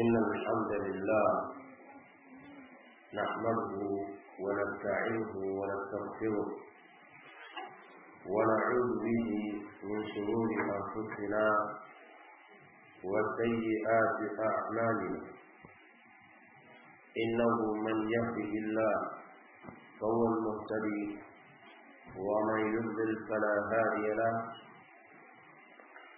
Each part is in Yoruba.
إن الحمد لله نحمده ونستعينه ونستغفره ونعوذ به من شرور أنفسنا وسيئات أعمالنا إنه من يهده الله فهو المهتدي ومن يضلل فلا هادي له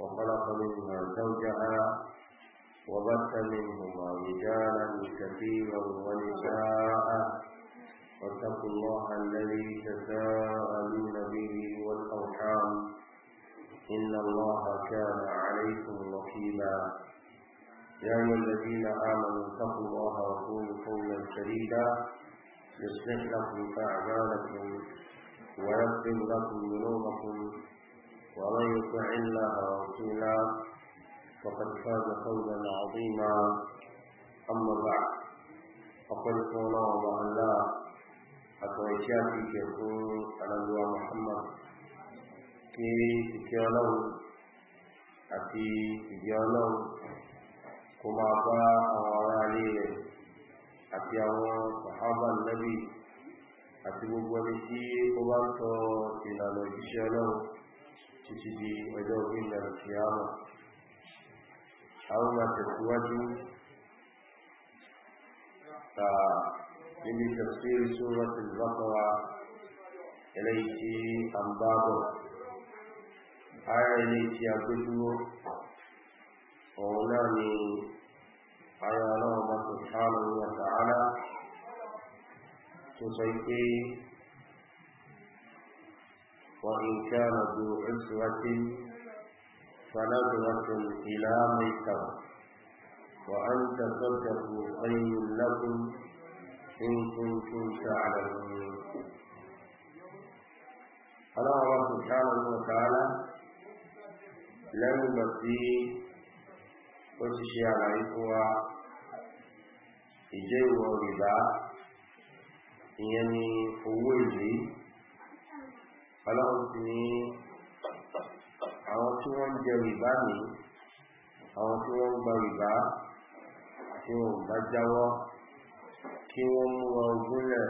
وخلق منها زوجها وبث منهما رجالا كثيرا ونساء واتقوا الله الذي تساءلون به والارحام ان الله كان عليكم رحيما يا ايها الذين امنوا اتقوا الله وقولوا قولا سديدا يصلح لكم اعمالكم ويغفر لكم ذنوبكم ومن يطع الله ورسوله فقد فاز فوزا عظيما اما بعد فقد قول الله اتوشاتي يقول على الله محمد كي تكيالو اتي تكيالو كما قال عليه اتي صحابه النبي اتي بوبولي كي قبلت الى نبي الله títí di ọjọ́ ìgbà ìfìyàmù àwọn àtẹ̀síwájú ta níbi tafsir suratul baqara eléyìí tí a ń bá bọ̀ ara eléyìí tí a náà ni ara ọlọ́run bá subhanahu wa ta'ala وإن كان ذو عسرة فنظرة إلى ميسرة وأن تصدقوا خير لكم إن كنتم تعلمون الله سبحانه وتعالى لم يبقي وتشي على إخوة إجيوا ربا يعني قوة ọlọ́run ti ní àwọn tí wọ́n ń jẹ rìbá mi àwọn tí wọ́n ń gba rìbá tí wọ́n bá jáwọ́ kí wọ́n mú wọn gúnlẹ̀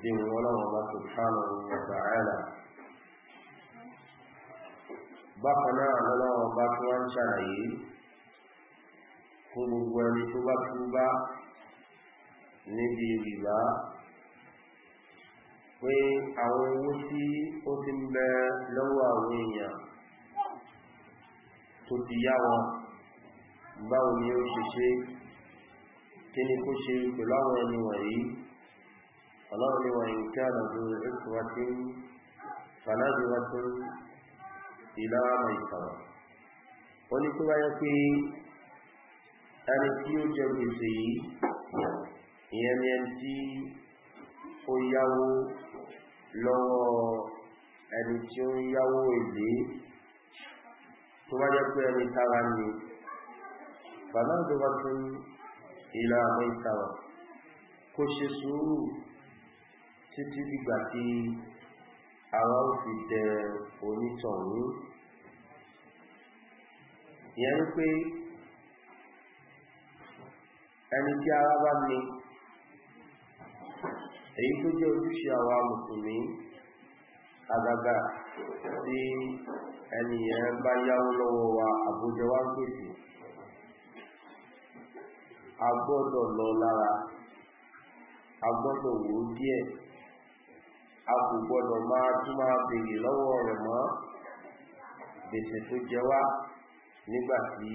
bí wọn lọ́wọ́ bá tó sáàmù ọ̀tà àìlà bákan náà lọ́wọ́ bá tó wá ń ṣàlàyé fún gbogbo ẹni tó bá túbá níbi rìbá pé àwọn owó tí ó ti ń bẹ lọ́wọ́ àwọn èèyàn tó ti yá wọn báwo ni ó ṣe ṣe kí ni kó ṣe pẹ̀lú àwọn ẹni wọ̀nyí ọlọ́run ni wọ̀nyí kí àdàdù ìfúwàtí fanájúwàtí ìlànà ìtàwà ó ní tó báyẹ pé ẹni tí ó jẹ gbèsè yìí ìyẹn ni ẹni tí ó yáwó lọ́wọ́ ẹni tí ó ń yáwó èlé tó bá jẹ́ pé ẹni tara ni bàbá tó bá tún ìlà àwọn ìtara kó ṣe sùúrù títí dìgbà tí ara ó fi dẹ onítọ̀hún ìyẹn pé ẹni tí ara bá ní èyí tó jẹ́ ojúṣe àwa mùsùlùmí àgàgà tí ẹnìyàn bá yáwó lọ́wọ́ wa àbújẹ wá gbèsè a gbọ́dọ̀ lọ lára a gbọ́dọ̀ wò ó díẹ̀ a kò gbọ́dọ̀ máa tún máa béèrè lọ́wọ́ rẹ̀ mọ́ gbèsè tó jẹ wá nígbà tí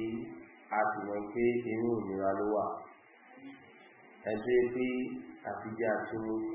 a sì mọ̀ pé inú ìnira ló wà ẹgbẹ́ pé àtijọ́ àti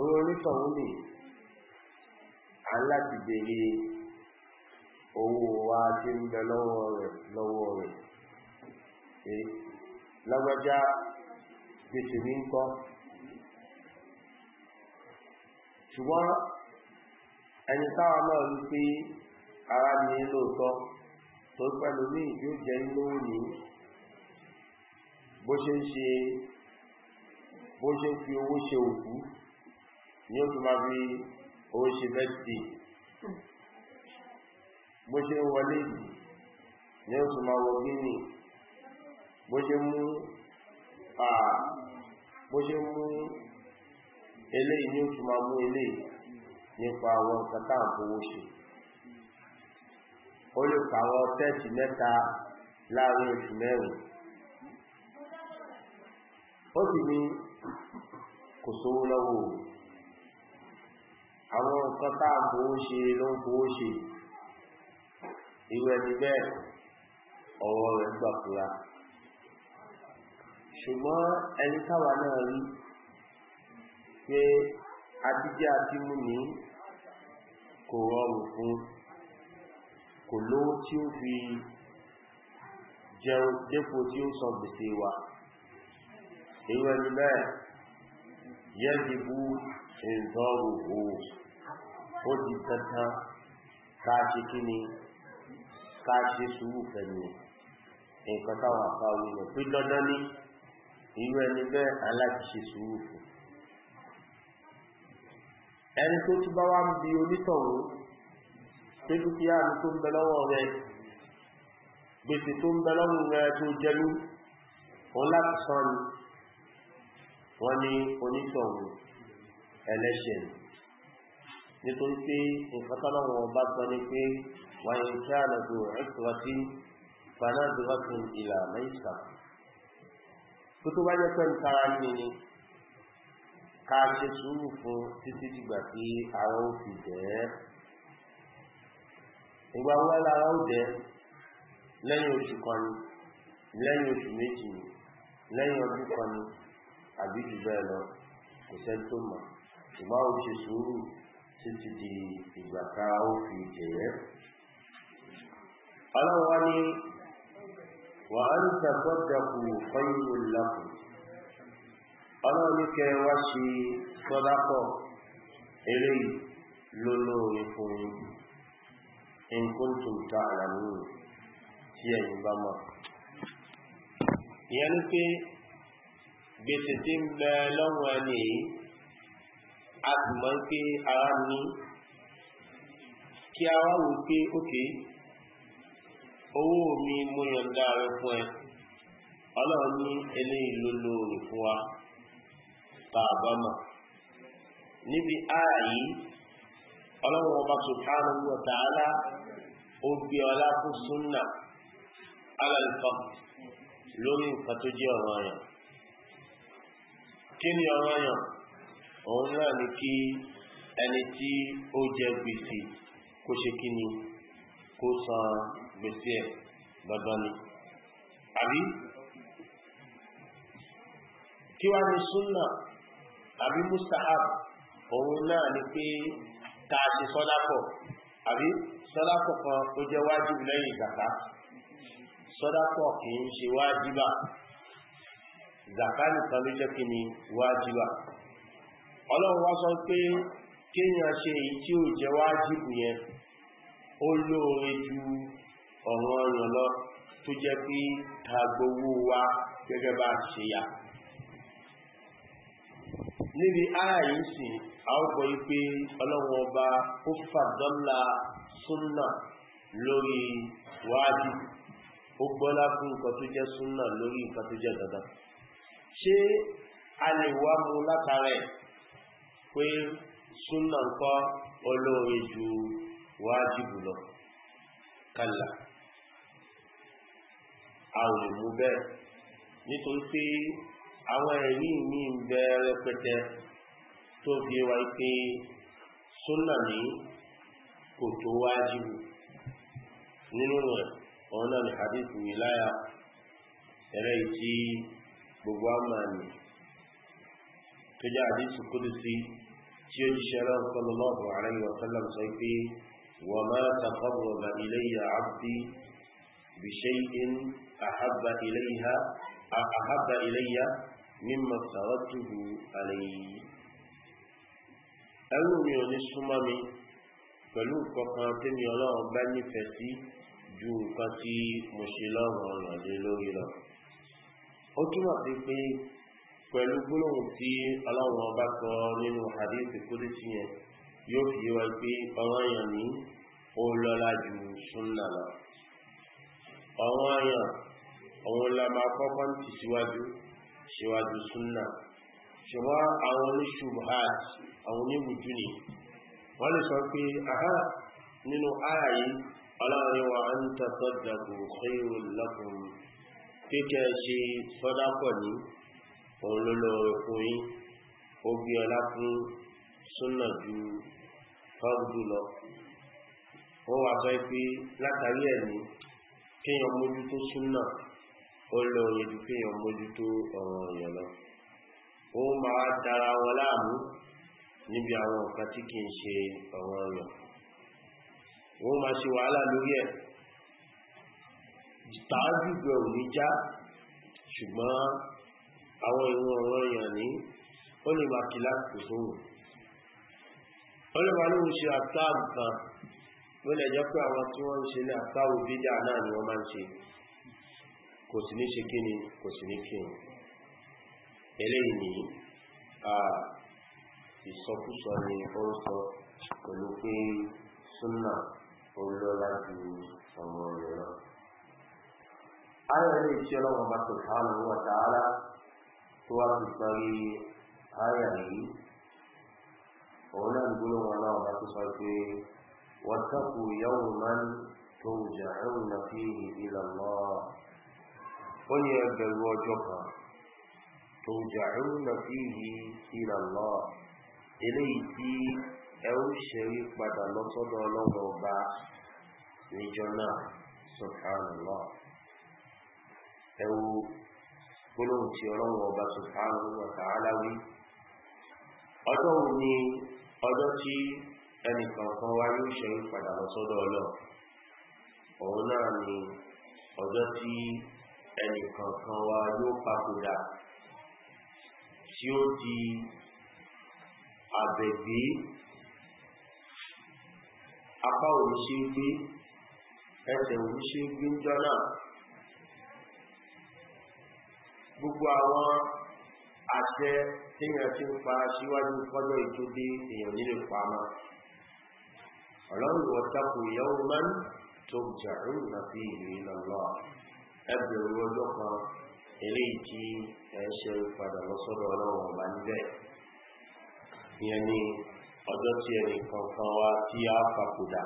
òun onítọ̀hún lè à ń láti béèrè owó wa tí ń bẹ lọ́wọ́ rẹ̀ lọ́wọ́ rẹ̀ ṣe lágbájá gbèsè ní ń kọ́ ṣùgbọ́n ẹni táwọn náà rí pé ara ní lóòótọ́ tó pẹ̀lú ní yóò jẹ́ lówó ní bó ṣe ń ṣe bó ṣe ń fi owó ṣe òkú ní oṣù máa fi owó ṣe bẹ́ẹ̀dì bó ṣe ń wọlé ní oṣù máa wọ gíní bó ṣe mú bó ṣe mú eléyìí ní oṣù máa mú eléyìí nípa àwọn kàtà àbówó ṣe ó lè pa àwọn tẹ́ẹ̀tì mẹ́ta láàrin oṣù mẹ́rin ó sì ní kò sówó lọ́wọ́ òun àwọn nǹkan tá à ń ṣe ló ń fowó ṣe irú ẹni bẹ́ẹ̀ ọ̀rọ̀ rẹ̀ gbà ṣùgbọ́n ẹni káwa náà rí pé adíjẹ́ adímú ní kò rọrùn fún kò lówó tí ó fi jẹun dépò tí ó sọ gbèsè wa irú ẹni bẹ́ẹ̀ yẹ́ dìbò ìrọ̀rùn òun ó di dandan ká ṣe kí ni ká ṣe sùúrù pẹ̀lú nǹkan táwọn àfáwí lọ pé dandan ní irú ẹni bẹ́ẹ̀ aláti ṣe sùúrù fún ẹni tó tún bá wá ń bi onítọ̀hún pé dúkìá mi tó ń bẹ lọ́wọ́ rẹ gbèsè tó ń bẹ lọ́rùn rẹ tó jẹlú òun láti sọ́ni wọ́n ní onítọ̀hún ẹlẹ́ṣẹ̀ ni nítorí pé nǹkan tọ́lọ́ wọn bá sọ ni pé wàá yẹn kí àlọ́gbò ẹ̀kúrọ́tì fanadurọ́tì ìlà mẹ́ta tó tó bá yẹ pé nǹkan ní ni ká ṣe sùúrù fún títí dìgbà tí ara ó fi dẹ̀ ẹ́ ìgbà wọn lára ó dẹ̀ lẹ́yìn oṣù kan ni lẹ́yìn oṣù méjì ni lẹ́yìn ọdún kan àbí jù bẹ́ẹ̀ lọ kò sẹ́ni tó mọ̀ ìgbà ó ṣe sùúrù títí di ìgbà ká ó fi jẹ́ ọlọ́wọ́ ni wà á ń tàbọ́dàkù fọ́yìnwó lápò ọlọ́wọ́ ní kẹ wá ṣe sọ́dápọ̀ eré lólóore fún nǹkan tó ta àlàmú tí ẹ̀yìn bá mọ̀ ìyẹn ní pé gbèsè tí ń bẹ lọ́wọ́ ẹni a sì mọ̀ pé ara ní kí a wá wò pé ókè owó mi mo yọ̀ǹda rẹ̀ fún ẹ ọlọ́run ní eléyìí ló lóore fún wa tá a bá mọ̀ níbi ààyè yìí ọlọ́run ọba subhanahu wa ta'ala ó gbé ọlá fún súnà alàlùfọ́ lórí nǹkan tó jẹ́ ọ̀ranyàn kí ni ọ̀ranyàn òun náà ni kí ẹni tí ó jẹ gbèsè kó ṣe kí ni kó san gbèsè ẹ̀ dandan ni àbí kí wá ní súnà àbí mustahab òun náà ni pé ta ṣe sọ́dápọ̀ àbí sọ́dápọ̀ kan ó jẹ́ wájú lẹ́yìn ìgbàká sọ́dápọ̀ kì í ṣe wájúbà zàká nìkan ló jẹ́ kí ni wájúbà ọlọ́run wá sọ pé kéèyàn ṣe èyí tí ó jẹ wájìbù yẹn ó lóore ju ọ̀rọ̀ ọ̀rọ̀ lọ tó jẹ́ pé ta gbowó wa gẹ́gẹ́ bá ṣe yà níbi ara yìí sì àwọ̀pọ̀ wípé ọlọ́run ọba ó fàdọ́là súnà lórí wájú ó gbọ́lá fún nǹkan tó jẹ́ súnà lórí nǹkan tó jẹ́ dandan ṣé a lè wá mú látara ẹ̀ pé súnà ń kọ́ olóore ju wájìbù lọ kálá a ò lè mú bẹ́ẹ̀ nítorí pé àwọn ẹ̀rí mi ń bẹ rẹpẹtẹ tó fi wá pé súnà ní kò tó nínú rẹ̀ náà ní gbogbo tó jẹ́ جدي شرف صلى الله عليه وسلم سيفي وما تقرب إلي عبدي بشيء أحب إليها أحب إلي مما افترضته علي ألو ميوني سمامي فلو فقاتم يلا بني فسي جو فسي مشيلا وانا جلو يلا أتما pẹ̀lú gbólóhùn tí ọlọ́run ọba sọ nínú àdéhùn kúrẹ́sì yẹn yóò fi yé wa pé ọ̀rọ̀ yẹn ní ó lọ́la ju súnà lọ. ọ̀rọ̀ yẹn òun la kọ́kọ́ ti síwájú síwájú súnà ṣùgbọ́n àwọn oníṣubhat àwọn oníwùjú ni wọ́n lè sọ pé aha nínú ara yìí ọlọ́run wa ń tàtọ́ dàgbò kéwòn òun ló lóore fún yín ó gbé ọlá fún súnà ju fọ́ọ̀dù lọ ó wà sọ pé látàrí ẹ̀mí kéèyàn mójútó súnà ó lóore ju kéèyàn mójútó ọ̀ràn èèyàn lọ ó máa dára wọn láàmú níbi àwọn nǹkan tí kì í ṣe ọ̀ràn èèyàn wọ́n máa ṣe wàhálà lórí ẹ̀ tààjú gbẹ̀ òní já ṣùgbọ́n àwọn ìwọ̀n ọ̀rọ̀ ya ní ó lè máa kí láti sóhùn ó lè máa lóhun ṣe lè jẹ́ pé àwọn tí wọ́n ṣe ní àtàrù bídà náà ni wọ́n máa ń ṣe kò ní ṣe kí ni kò ní kí ìsọkúsọ ni ó ń sọ pẹ̀lú tụwi ahya iri onyebụlụwaụaụaị watapụya nwonye bewụ ọjọ ka na ewulata ihi iranlọọ ịleiji ewu se gbata lọsọ na naụba jen supanlọọ ewu gbólóhùn tí ọlọ́run ọba subhanahu wa ta'ala wí ọjọ́ wo ni ọjọ́ tí ẹnì kọ̀ọ̀kan wa yóò ṣẹ́yìn padà lọ sọ́dọ̀ ọlọ́run òun náà ni ọjọ́ tí ẹnì kọ̀ọ̀kan yóò papòdà tí ó di àbẹ̀gbé apá òun ṣe gbé ẹsẹ̀ òun ṣe gbé jọ náà gbogbo àwọn àṣẹ téèyàn ti ń pa síwájú kọ́jọ́ ìtòdé èèyàn nílé pamọ́ ọlọ́run wọ́n tako ìyàwó máa ń tó jàrún àti ìlú ìlànà ẹgbẹ̀rún ọjọ́ kan eléyìí tí ẹ ṣe padà lọ sọ́dọ̀ ọlọ́run ọba níbẹ̀ ìyẹn ni ọjọ́ tí ẹnì kankan wá tí a papòdà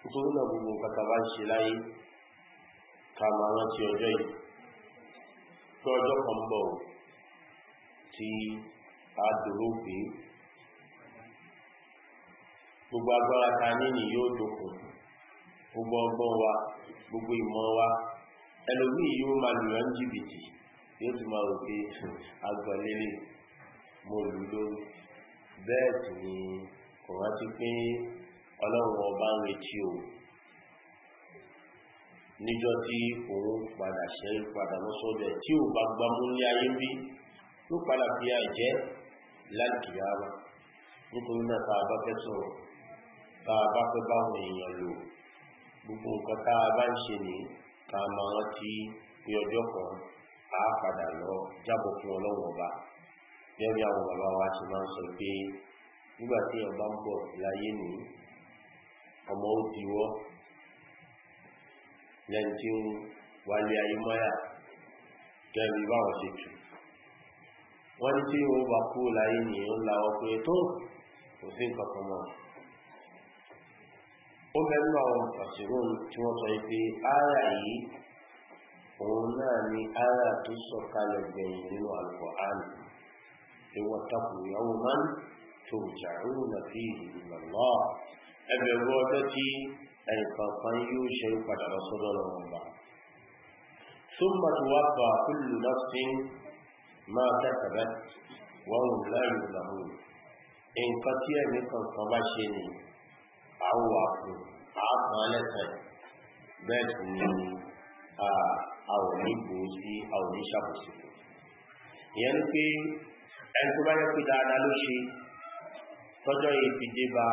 nítorí náà gbogbo nǹkan bá ń ṣe láyé ká máa rántí ọjọ́ yìí pé ọjọ́ kan bọ̀ tí a dúró gbé gbogbo agbára ta ní ni yóò dókun gbogbo ọgbọ́n wa gbogbo ìmọ̀ wa ẹlòmíì yóò máa lù ẹ́ jìbìtì yóò ti máa rò pé agbọ̀lélẹ̀ mo lù lórí bẹ́ẹ̀ sì ni kò rántí pé ọlọ́run ọba ń retí òun níjọ́ tí òun padà ṣe ń padà lọ́sọ́dẹ̀ tí ò bá gbámú ní ayé bí ló padà fi àìjẹ́ lálùkìyàwó nítorí náà tá a bá fẹ́ sọ̀rọ̀ tá a bá fẹ́ báwọn èèyàn lò gbogbo nǹkan tá a bá ń ṣe ní ká máa rántí pé ọjọ́ kan á padà lọ jábọ̀ fún ọlọ́run ọba gẹ́gẹ́ àwọn bàbá wa ti máa ń sọ pé nígbà tí ọba ń bọ̀ láyé ní ọmọ ó diwọ́ lẹ́ni tí ń wálé ayé mọ́yà gẹ̀rù báwọn ṣe tù wọ́n ní tí ó bá kú láyé ní ó la ọkùnrin tó kò sí nǹkan mọ́ ó mẹ́rin àwọn àṣírò tí wọ́n sọ pé ara yìí òun náà ni ara tó sọ̀kalẹ̀ gbẹ̀yìn nínú àlùkò àmì tí wọ́n takò ìyàwó máa ń tó jà ń ìlú ẹgbẹ̀rún ọjọ́ tí ẹnìkan kan yóò ṣe ń padà lọ sọ́dọ̀ lọ́wọ́ ọba súnmọ́ tí wàá fà kúlù lọ́sìn máa tẹ̀sẹ̀bẹ́ wọ́n ń lẹ́rù lọ́wọ́ nǹkan tí ẹ̀mí kankan bá ṣe ni àwọn àpò àákan lẹ́sẹ̀ tó bá yẹ pé dáadáa ló ṣe tọ́jọ́ yìí bá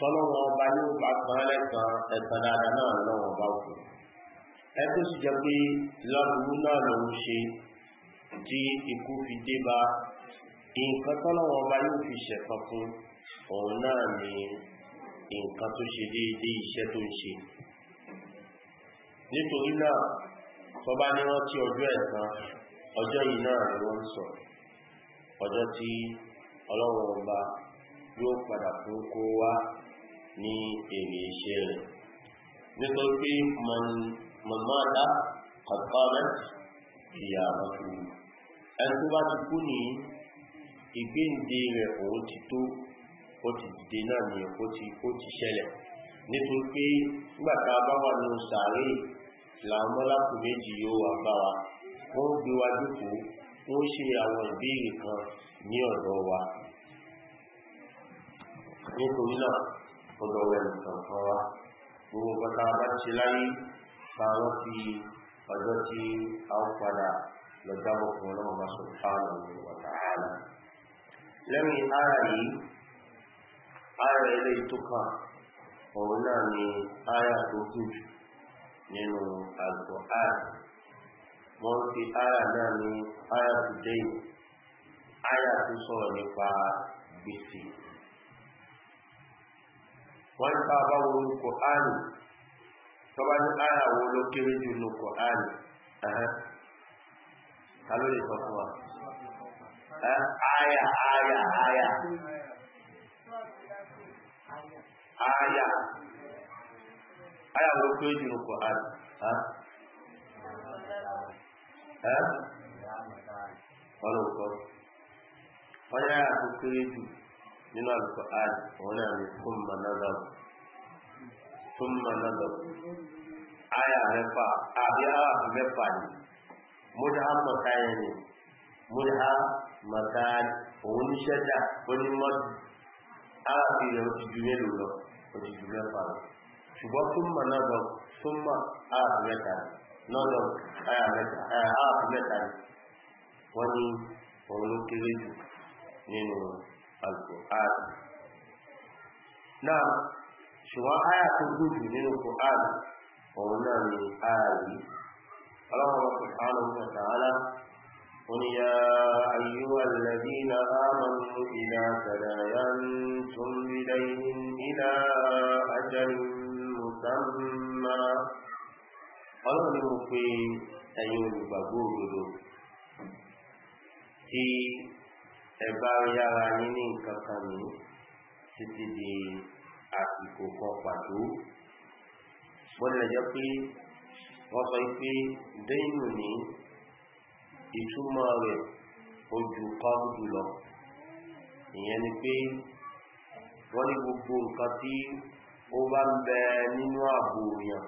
tọ́lọ́wọ́ ọba yóò bá kan lẹ́kan ẹ̀sán dáadáa náà lọ́wọ́ ọba òkú ẹ tó sì jẹ́ pé lọ́dún náà lòun ṣe tí ikú fi dé bá nǹkan tọ́lọ́wọ́ ọba yóò fi ṣẹ̀kan fún òun náà ni nǹkan tó ṣe déédé iṣẹ́ tó ń ṣe nítorí náà tọ́ba ní wọ́n tí ọjọ́ ẹ̀sán ọjọ́ yìí náà ni wọ́n ń sọ ọjọ́ tí ọlọ́run yóò padà fún kó wá ní èrè iṣẹ́ rẹ̀ nítorí pé mọ̀mọ́dá kọ̀tọ́rẹ́ ìyá àbáfúrú ẹni tó bá ti kú ní ìgbéǹde rẹ̀ òun ti tó ó ti dìde náà ní ó ti ó ti ṣẹlẹ̀ nítorí pé nígbà tá a bá wà nínú sàárè làwọn mọ́lákù méjì yóò wà bá wa wọ́n gbé wa jókòó wọ́n ṣe àwọn ìbéèrè kan ní ọ̀dọ̀ wa nítorí náà ဘုဒ္ဓဝေသောသောဘူပတာပချိလိုက်သာဝတိပဒတိအောက်ပဒလောကဘုရောမဆုသာလောဝတအာလလက်မီအာရီအာရေလေးဒုက္ခဘောနာမီအာရတုတုနေနောအလ်ကုရ်အာန်ဘောတိအာရနာမီအာရတုဒိအာရတုဆောနိပါဘီစီ wọ́n tá a bá wo kòhánì tọ́ba ní àyà wo ló kéré jù nù kòhánì ta ló lè sọ fún wa àyà àyà àyà àyà àyà wo ló kéré jù nù kòhánì wọ́n lọ sọ wọ́n yára tó kéré nínú alukur'an òun náà ni thumma nadhar thumma nadhar aya mẹ́fà àbí ara mẹ́fà ni múdà mọ̀táyẹ ni múdà mọ̀táyẹ òun ní ṣẹ́dá onímọ̀dù ara fi rẹ̀ oṣù ju mélòó lọ oṣù ju mẹ́fà lọ ṣùgbọ́n thumma nadhar thumma ara mẹ́ta mẹ́ta ara mẹ́ta ni òun kéré jù nínú القران نعم شو ايات الوجود من القران وهنا من ايه الله سبحانه وتعالى قل يا ايها الذين امنوا اذا تداينتم بدين الى اجل مسمى ọlọ́run ló fi ẹ̀yin olùgbàgbọ́ òdodo tí ẹ bá yára yín ní nǹkan kan ní títí di àsìkò kan pàtó bọ́lẹ̀ jẹ́ pé wọ́n sọ pé déyìnù ní ìtumọ̀ rẹ̀ ojú kan jùlọ ìyẹn ni pé wọ́n ní gbogbo nǹkan tí ó bá ń bẹ nínú ààbò èèyàn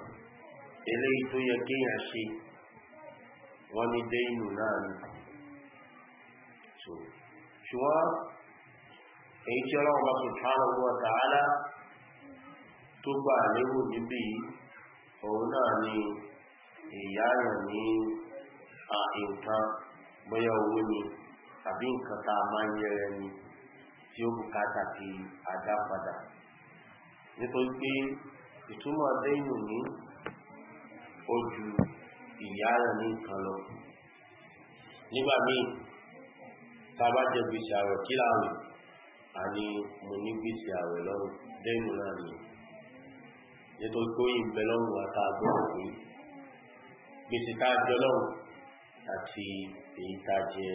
eléyìí tó yẹ kéèyàn ṣe wọ́n ní déyìnù náà ni. So. ṣùgbọ́n èyí tí ọlọ́run bá subhanahu wa ta'ala tó gbà lérò níbí òun náà ni ìyá rẹ̀ ní nǹkan bóyá owó ni tàbí nǹkan máa ń tí ó bùkátà nítorí pé ìtumọ̀ ní ojú ìyá rẹ̀ ní lọ tába jẹ gbèsè àwẹ̀ kí láàwẹ̀ àní mo ní gbèsè àwẹ̀ lọ́rùn dẹ́nu náà ni nítorí pé òyìn bẹ lọ́rùn wa tá a gbọ́dọ̀ pé gbèsè tá a jẹ lọ́rùn àti èyí tá a jẹ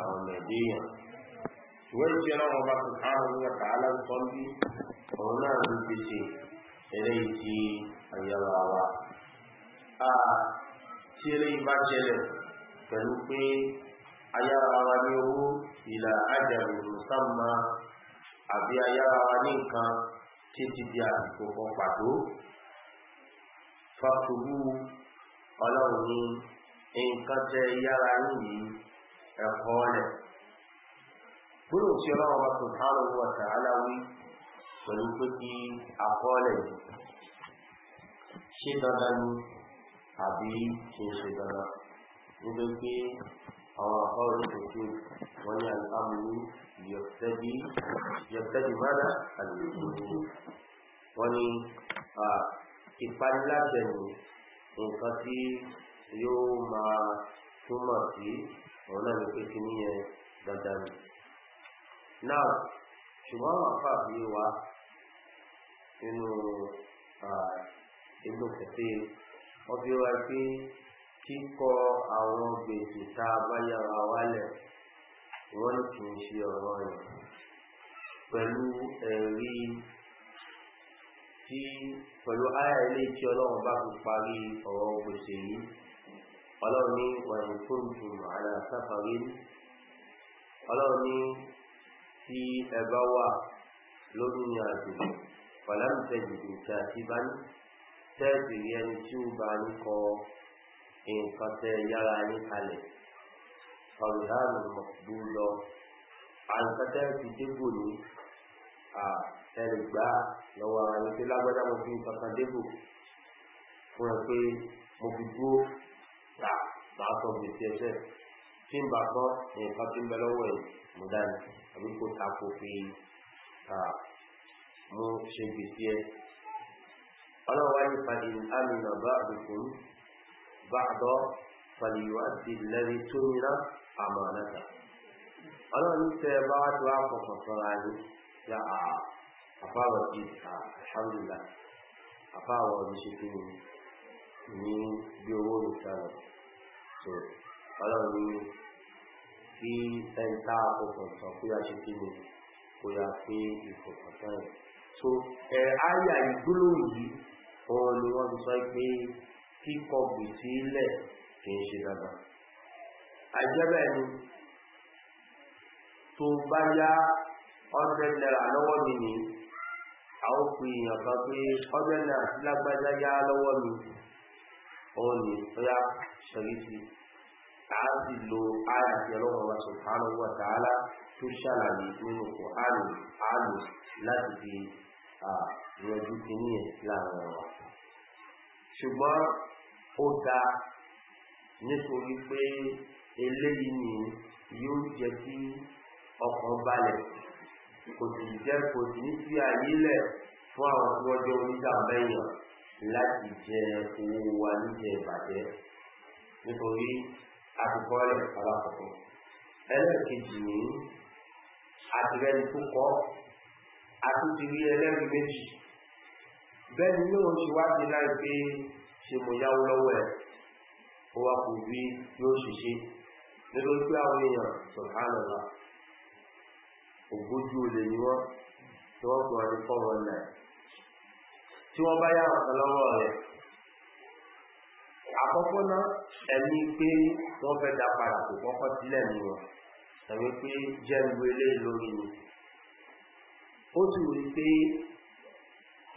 àwọn ọmọ ẹ̀dẹ́ yẹn ìwé ìṣẹ́ lọ́rùn ọba kò káàrún ní ọ̀tá aláǹtọ́ bí òun náà ló gbèsè eléyìí tí àyẹ̀wò àwa tí eléyìí bá jẹlẹ̀ pẹ̀lú pé ayára wa ní owó ìlà ajalu musamma àbí ayára wa ní nǹkan títí di àsìkò kan pàtó fàtúbù ọlọ́run ní nǹkan tẹ yára yìí ẹ̀kọ́ lẹ̀ gbọ́dọ̀ tí ọlọ́run bá subhanahu wa ta'ala wí pẹ̀lú pé kí àkọọ́lẹ̀ ṣé dandan ni àbí kì í ṣe dandan أو قول الكثير وهي الأمن يبتدي يبتدي ماذا؟ الوجود وني ìpanilá tẹ̀lé nǹkan tí yóò máa túmọ̀ sí òun náà ní pé kí ní yẹn dandan ni. náà ṣùgbọ́n àwọn àfààní wa nínú ìlú kẹfẹ́ wọ́n fi kíkọ àwọn gbèsè tá a bá yára wálẹ̀ wọ́n kì í ṣe ọ̀rọ̀ rẹ̀ pẹ̀lú ẹ̀rí tí pẹ̀lú ayà ilé tí ọlọ́run bá fi parí ọ̀rọ̀ gbèsè yìí ọlọ́run ní wàyí fóònù àyà sáfàrí ọlọ́run ní tí ẹ bá wà lórí ní àjò pàlámù tẹ̀jì ìjà tí ní tẹ́ẹ̀sì ẹni tí ó bá ní kọ́ nǹkan tẹ yára yín kalẹ̀ ọ̀rùdáàmù mọ̀kúdú lọ àǹkan tẹ ti débò ní ẹnì gbà lọ́wọ́ ara yín pé lágbádá mo fi nǹkan kan débò fún ẹ pé mo fi dúró tà bá sọ gbèsè ẹsẹ tí n bá kọ́ nǹkan tí ń bẹ lọ́wọ́ ẹ̀ mo dání àbí kò ta kò fi mo ṣe gbèsè ẹ ọlọ́wọ́ ayé padì àmì nàbà àbùkù بعضا فليؤدي الذي تمن أمانته أنا أنت بعد وعفة صلاني يا أفاوى جيد الحمد لله أفاوى بشكل من بيوم كانت أنا أنت في أنت أفاوى صلاني يا شكل ကိုရာဖေးဒီကိုပတ်တယ်ဆိုအဲအာရယဂုလုံးကြီးဟောလောဘစိုက်ပြီး kíkọ gbèsè lẹ̀ kì í ṣe dandan. àìjẹ́bẹ̀ ni tó bá yá ọ̀dẹ́ náírà lọ́wọ́ mi ni àwọn òkú èèyàn kan pé ọ̀dẹ́ náírà sí lágbájá yá lọ́wọ́ mi òun ni ó sọ̀rí sí a sì lo àyà tí wa subhanahu wa ta'ala tó ṣàlàyé nínú kò àlò àlò láti fi yanjú kínní ẹ̀ láàrin wa ṣùgbọ́n ó da nítorí pé eléyìí ni yóò jẹ́ kí ọkàn balẹ̀ kò sì jẹ́ kò sì ní fi àyè lẹ̀ fún àwọn tí wọ́n jẹ́ onídàmẹ́yàn láti jẹ owó wa níjẹ ìbàjẹ́ nítorí àtìkọ́ rẹ̀ alákọ̀ọ́kọ́ ẹlẹ́ẹ̀kejì ní àtìrẹ́ni tó kọ́ àtúntì rí ẹlẹ́rìí méjì bẹ́ẹ̀ ni yóò ṣe wá sí láì pé ṣe mo yáwó lọ́wọ́ ẹ̀ ó wá kò bí yóò ṣe ṣe pé àwọn èèyàn sọ̀hánàlá ògbójú olè ni wọ́n tí wọ́n fún wa fọ́ wọn náà tí wọ́n bá yá ọ̀kan lọ́wọ́ rẹ̀ àkọ́kọ́ náà ẹni pé wọ́n fẹ́ dá padà kò kọ́kọ́ sílẹ̀ ní wọn tàbí pé jẹ́ ń gbé lórí ni ó sì rí pé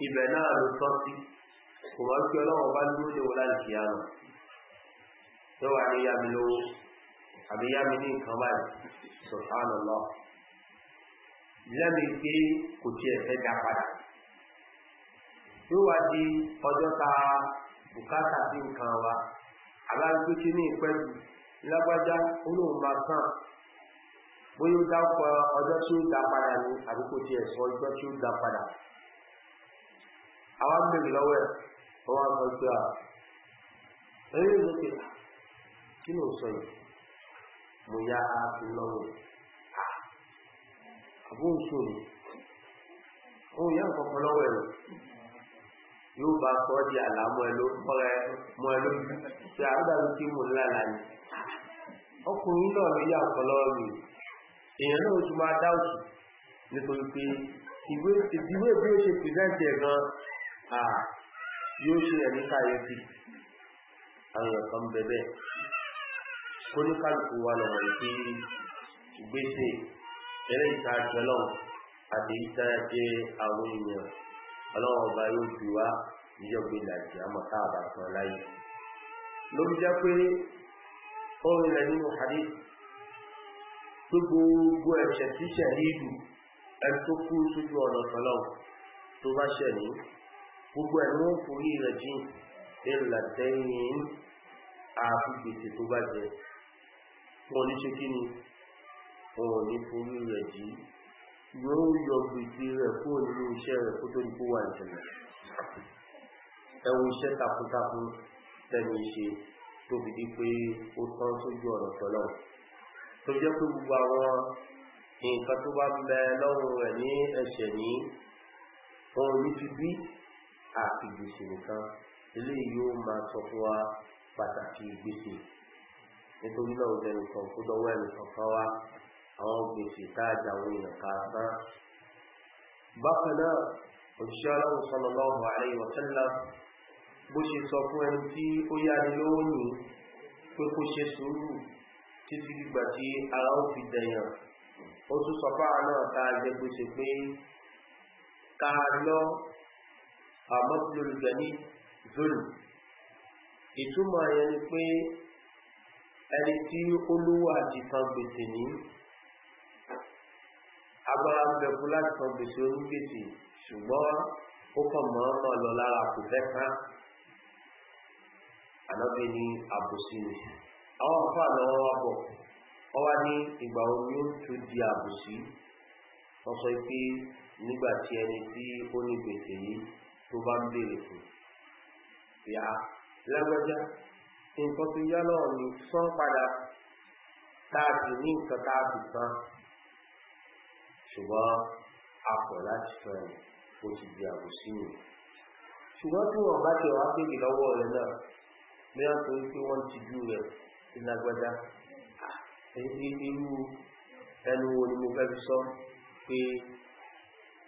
ibẹ̀ náà ló tọ́ sí kò wá pé ọlọ́run bá dúró dé wọn láti yá lọ yóò ní yámi lówó àbí yámi ní nǹkan báyìí lẹ́mi kò dá padà di ọjọ́ ta bùkátà wa aláàgbé kí ní ìpẹ́jù lágbájá olóhùn máa tán bóyá ó dápọ̀ ọjọ́ tí ó dá padà ní àbí kò tiẹ̀ sọ ọjọ́ tí ó dá padà àwọn ဟောဆိုကြအဲဒီလိုကိကျင်းလို့ဆိုရင်မူရာသူလုံးအခုဆိုရင်ဟိုရောက်တော့ဘလို့ဝဲလို့လူပါတော်ကြလာမွယ်လို့ခေါ်လဲမွယ်လို့ဆရာတော်ကကြည့်မလာလိုက်အခုတော့လည်းရောက်ဘလို့လို့ဒီလိုဒီမှာတောက်နေကိုပြီးဒီဝေးဒီဝေးပြေးရှိပြန်တဲ့ကအာ yóò ṣe ẹ̀mí káyọ̀sí àwọn èèyàn kan bẹ bẹ́ẹ̀ kóníkàlùkù wa lọ́wọ́ ìpín ìgbésẹ̀ eré ìta àjọlọ́ àti ìta jẹ àwọn èèyàn ọlọ́wọ́ ọba yóò fi wá níjọ́gbé làjì àmọ́ tá a bá tán láyé ló ń jẹ́ pé ó ń rẹ nínú hadith tó gbogbo ẹ̀ṣẹ̀ tí ṣẹ̀ ní ìlú ẹni tó kú sójú ọ̀nà tọ́lọ́ tó bá ṣẹ̀ ní gbogbo ẹ̀ wọ́n forí rẹ̀ jìn ẹ̀rọ̀là tẹ́yìn àfi gbèsè tó bá jẹ wọn ní ṣe kí ni wọn ò ní forí rẹ̀ jì yóò yọ gbèsè rẹ̀ kúrò nínú iṣẹ́ rẹ̀ kó tó ní kó wà ìṣẹ̀lẹ̀ ẹ̀wọ̀n iṣẹ́ takuntakun tẹ́nu ṣe tó fi di pé ó tán sójú ọ̀nà tọ́lọ̀ tó jẹ́ pé gbogbo àwọn nǹkan tó bá ń bẹ lọ́rùn rẹ̀ ní ẹ̀ṣẹ̀ ní òun ní fi bí àfi gbèsè nìkan eléyìí yóò máa sọ fún wa pàtàkì gbèsè nítorí náà ó dẹnu kan kó dọwọ́ ẹnu kankan wá àwọn gbèsè tá a jà wọn èèyàn ká tán. bákan náà òṣìṣẹ́ ọlọ́run sallallahu alaihi wa sallam bó ṣe sọ fún ẹni tí ó yáni lówó nì pé kó ṣe sùúrù títí dìgbà tí ara ó fi dẹ̀yàn ó tún sọ fáwọn náà ká jẹ gbèsè pé ká lọ àmọ́bùlù gani zulu ìtumọ̀ yẹn ni pé ẹni tí olówó àti san gbèsè ní agbára ń bẹ fún láti san gbèsè onígbèsè ṣùgbọ́n ó kàn mọ́ ọmọ lọ lára kò fẹ́ ká ànábì ní àbòsí ni àwọn àfa lọ́wọ́ wa wọ́n wá ní ìgbà wo ó tún di àbòsí wọ́n sọ pé nígbà tí ẹni tí ó ní gbèsè yìí tó bá ń béèrè fún ìyá lágbájá nǹkan tó yá náà ni sán padà táàbì ní nǹkan táàbì san ṣùgbọ́n a pọ̀ láti san ó ti di àbòsí mi ṣùgbọ́n tí wọ́n bá tẹ̀ wá béèrè lọ́wọ́ rẹ̀ náà bí wọ́n torí pé wọ́n ti ju rẹ̀ ní lágbájá irú ẹnu wo ni mo fẹ́ fi sọ pé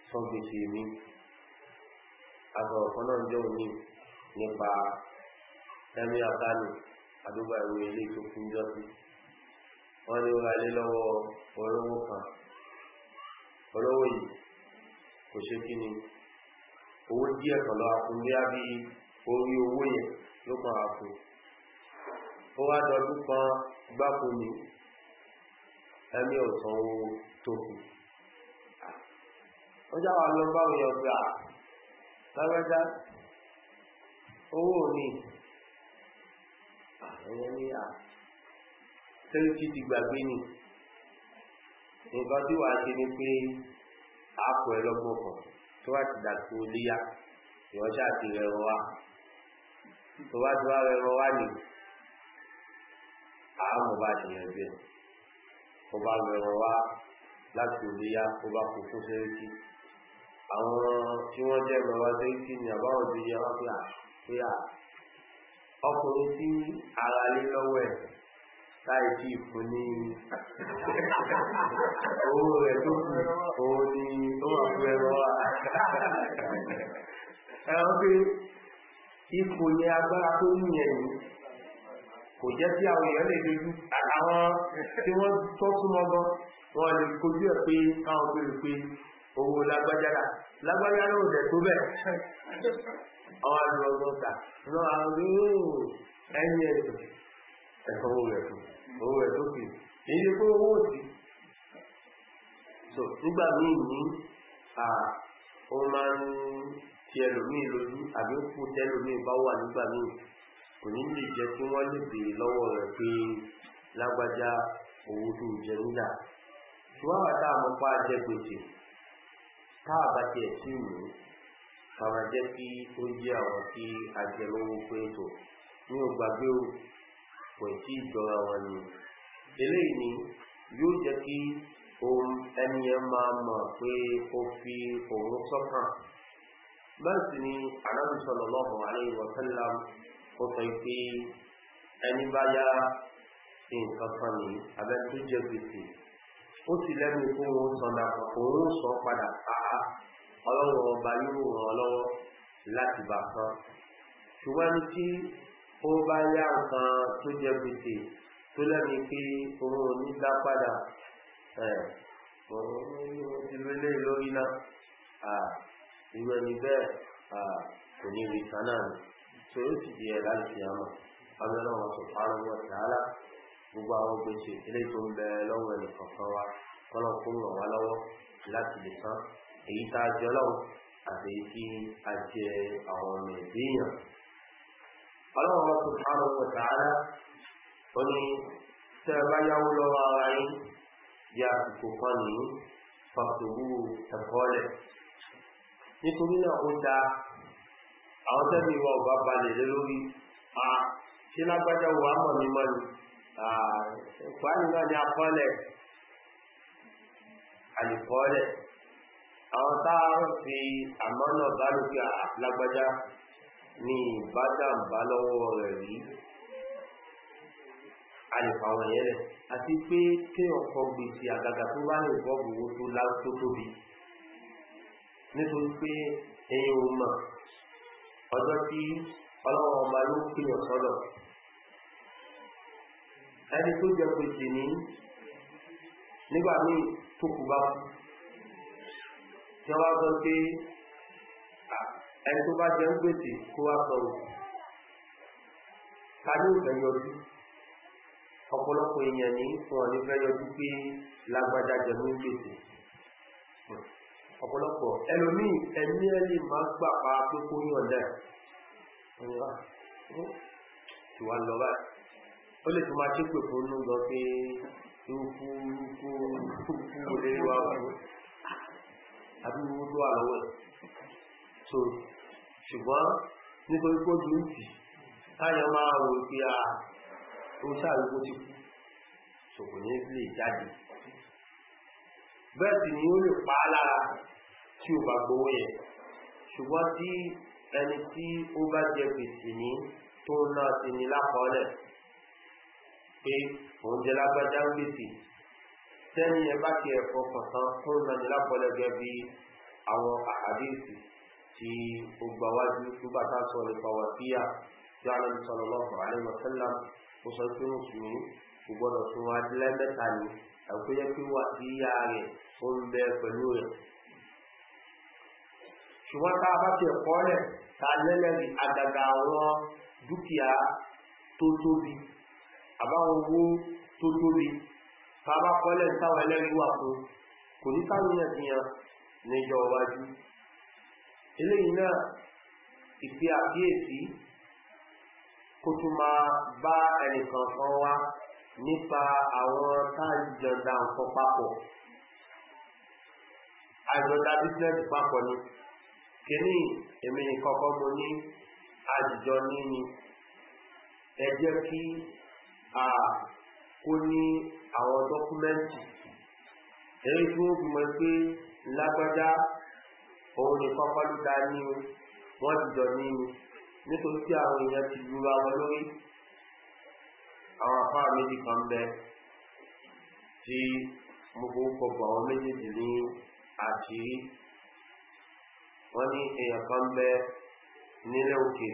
sọ gbèsè mi àgbọ̀n kan náà jọ òní nípa ẹ̀mí àtàlù àdúgbò ìwé ilé tó kún jọ sí wọ́n ní wọ́n lé lọ́wọ́ olówó kan olówó yìí kò ṣe kí ni owó díẹ̀ kan lọ́wọ́ fún bí a bí orí owó yẹn ló kàn á ó wá dọdún kan gbáko ni ẹ̀mí ọ̀sán owó tó kù wọ́n já lọ báwọn yẹn lágbájá owó ah, ni ẹ̀yẹ ní à tẹ́lẹ̀ tí ti gbàgbé ni nǹkan tí wàá ṣe ni pé àpò ẹ̀ lọ́gbọ̀n kan tó wá ti dàgbò léyà ìwọ́n ṣáà ti rẹ̀ wá tó bá ti wá rẹ̀ wá ni àmọ́ bá ti yẹn bẹ́ẹ̀ kó bá rẹ̀ wá láti òléyà kó bá kó fún sẹ́ríkì àwọn tí wọ́n jẹ́ bàbá sẹ́yìn ní àbáwọ̀ tó yẹ wọ́n fìlà pé à ọkùnrin tí ara lé lọ́wọ́ ẹ̀ láì sí ìfún ní owó rẹ̀ tó kù òun ni ó wà fún ẹ̀rọ wa. ẹ̀rọ pé ipò ní agbára tó ní ẹ̀yìn kò jẹ́ sí àwọn èèyàn lè dojú àtàwọn tí wọ́n tọ́ súnmọ́ gan wọn lè kojú ẹ̀ pé káwọn tó lè pé owó lágbájára lágbájá ló dẹ̀ tó bẹ́ẹ̀ ọwọ́ lu ọgbọ́n ta lọ àwọn ẹ̀yìn ẹ̀sùn ẹ̀kọ́ owó rẹ̀ tó owó rẹ̀ tó owó òsì so nígbà míì ní ó máa ń ti ẹlòmíì lójú àbí ó kú tẹlòmíì bá wà nígbà míì kò ní lè kí wọ́n lè béèrè pé lágbájá owó tó jẹ nígbà pa jẹ gbèsè tá a bá tiẹ̀ sí wò ó fara jẹ́ kí ó jẹ́ àwọn tí pé ní o kò tí ì jọra wọn ni eléyìí ni yóò jẹ́ kí ohun ẹni yẹn máa pé fi òun sọ́kàn bẹ́ẹ̀ sì ni anábì sallallahu alaihi wa ó sọ pé ẹni bá yá nǹkan kan ní abẹ́ tó jẹ́ gbèsè ó sì kó wọn sọ padà ọlọ́run ọba yóò ràn ọ́ lọ́wọ́ láti bà kan ṣùgbọ́n ní tí ó bá yá nǹkan tó jẹ gbèsè tó lẹ́nu pé òun ò ní dá padà òun ti lo lórí náà ìwé ni bẹ́ẹ̀ kò ní rí kan náà ni tó yóò sì di ẹ̀ láti fi àmọ́ ọlọ́run wọn sọ fún àwọn ọ̀tá alá gbogbo àwọn gbèsè eléyìí tó ń bẹ lọ́wọ́ ẹnì kọ̀ọ̀kan wa kọ́nà kó ràn wá lọ́wọ́ láti lè san èyí tá a jẹ ọlọ́run àti èyí tí a jẹ àwọn ọmọ ẹ̀dẹ́ èèyàn. ọlọ́run wọn tó sáré wọn sáré ó ní tẹ́ ẹ bá yáwó lọ́wọ́ ara yín bí àsìkò kan nìyí fàtòwú ẹ̀kọ́lẹ̀. nítorí náà ó da àwọn tẹ́lẹ̀ ìwà ọ̀bá balẹ̀ lórí a ṣe lágbájá wo àmọ̀ mi mọ́ ni ìpàdé náà ni akọ́lẹ̀ àlìkọ́lẹ̀ àwọn tá a ń fi àmọ́ náà bá lókè lágbájá ní ìbádàmbá lọ́wọ́ rẹ̀ rí àlèfàwọn yẹn rẹ̀ àti pé kéèyàn kọ gbèsè àgàgà tó bá lè bọ́ gbowó tó láwù tó tóbi nítorí pé ẹ̀yin ò mọ̀ ọjọ́ tí ọlọ́wọ́ ọba ló kéèyàn sọ́dọ̀ ẹni tó jẹ gbèsè ní nígbà míì tó kù bá kú tí wọ́n sọ pé ẹni tó bá jẹ ń gbèsè kó wá sọ òun ta ní òfẹ́ yọjú ọ̀pọ̀lọpọ̀ èèyàn ní wọn ní fẹ́ yọjú pé lágbájá jẹ ń gbèsè ọ̀pọ̀lọpọ̀ ẹlòmíì ẹni ẹ lè má gbà pa pé kó yàn náà tí wàá lọ báyìí ó lè tún máa ṣépè fún un lọ pé irúkú irúkú irúkú olè wà wà ní àbí owó tó wà lọ́wọ́ ẹ̀ so ṣùgbọ́n nítorí pé ojú ń tì táyọ̀ máa rò pé a ó ṣàrúgbó ti kú so kò ní lè jáde bẹ́ẹ̀ sì ni ó lè pa á lára tí ò bá gbowó yẹn ṣùgbọ́n tí ẹni tí ó bá jẹ gbèsè ní tó ń ná sí ni lápọ̀ọ́lẹ̀ pé òun jẹ lágbájá ń gbèsè sẹ́ni ẹ bá tiẹ̀ fọkàn tán fún nàní lápọ̀lẹ́ gẹ́gẹ́ bí àwọn àhàdíìsì tí ó gbà wájú nígbà tá a sọ nípa wàsíyà tí a lọ́dún sọ̀rọ̀ lọ́wọ́ àlẹ́ mọ̀sálà ó sọ pé mùsùlùmí kò gbọ́dọ̀ tún wá lẹ́mẹ́ta ni àgbéjẹ́ pé wàsíyà rẹ̀ tó tóbi àbáwọn owó tó tóbi tá a bá kọ́lẹ̀ táwọn ẹlẹ́rìí wà fún kò ní sáàríyànjiyàn níjọ iwájú eléyìí náà ìpè àkíyèsí kó tún máa bá ẹnìkan kan wá nípa àwọn táàjọ̀dá nǹkan papọ̀ àjọ̀dá bísínẹ́sì papọ̀ ni kìíní èmi nìkan kan mo ní àjùjọ ní ni ẹ jẹ́ kí kó ní àwọn dọ́kúmẹ́ǹtì èyí tí ó gbìmọ̀ pé lágbájá òun nìkan pálú da ní wọ́n ti jọ ní ni nítorí tí àwọn èèyàn ti lura wọn lórí àwọn afárá méjì kan bẹ tí mo forúkọ bọ àwọn méjèèjì ní àṣírí wọ́n ní èèyàn kan bẹ nílẹ̀ òkèèrè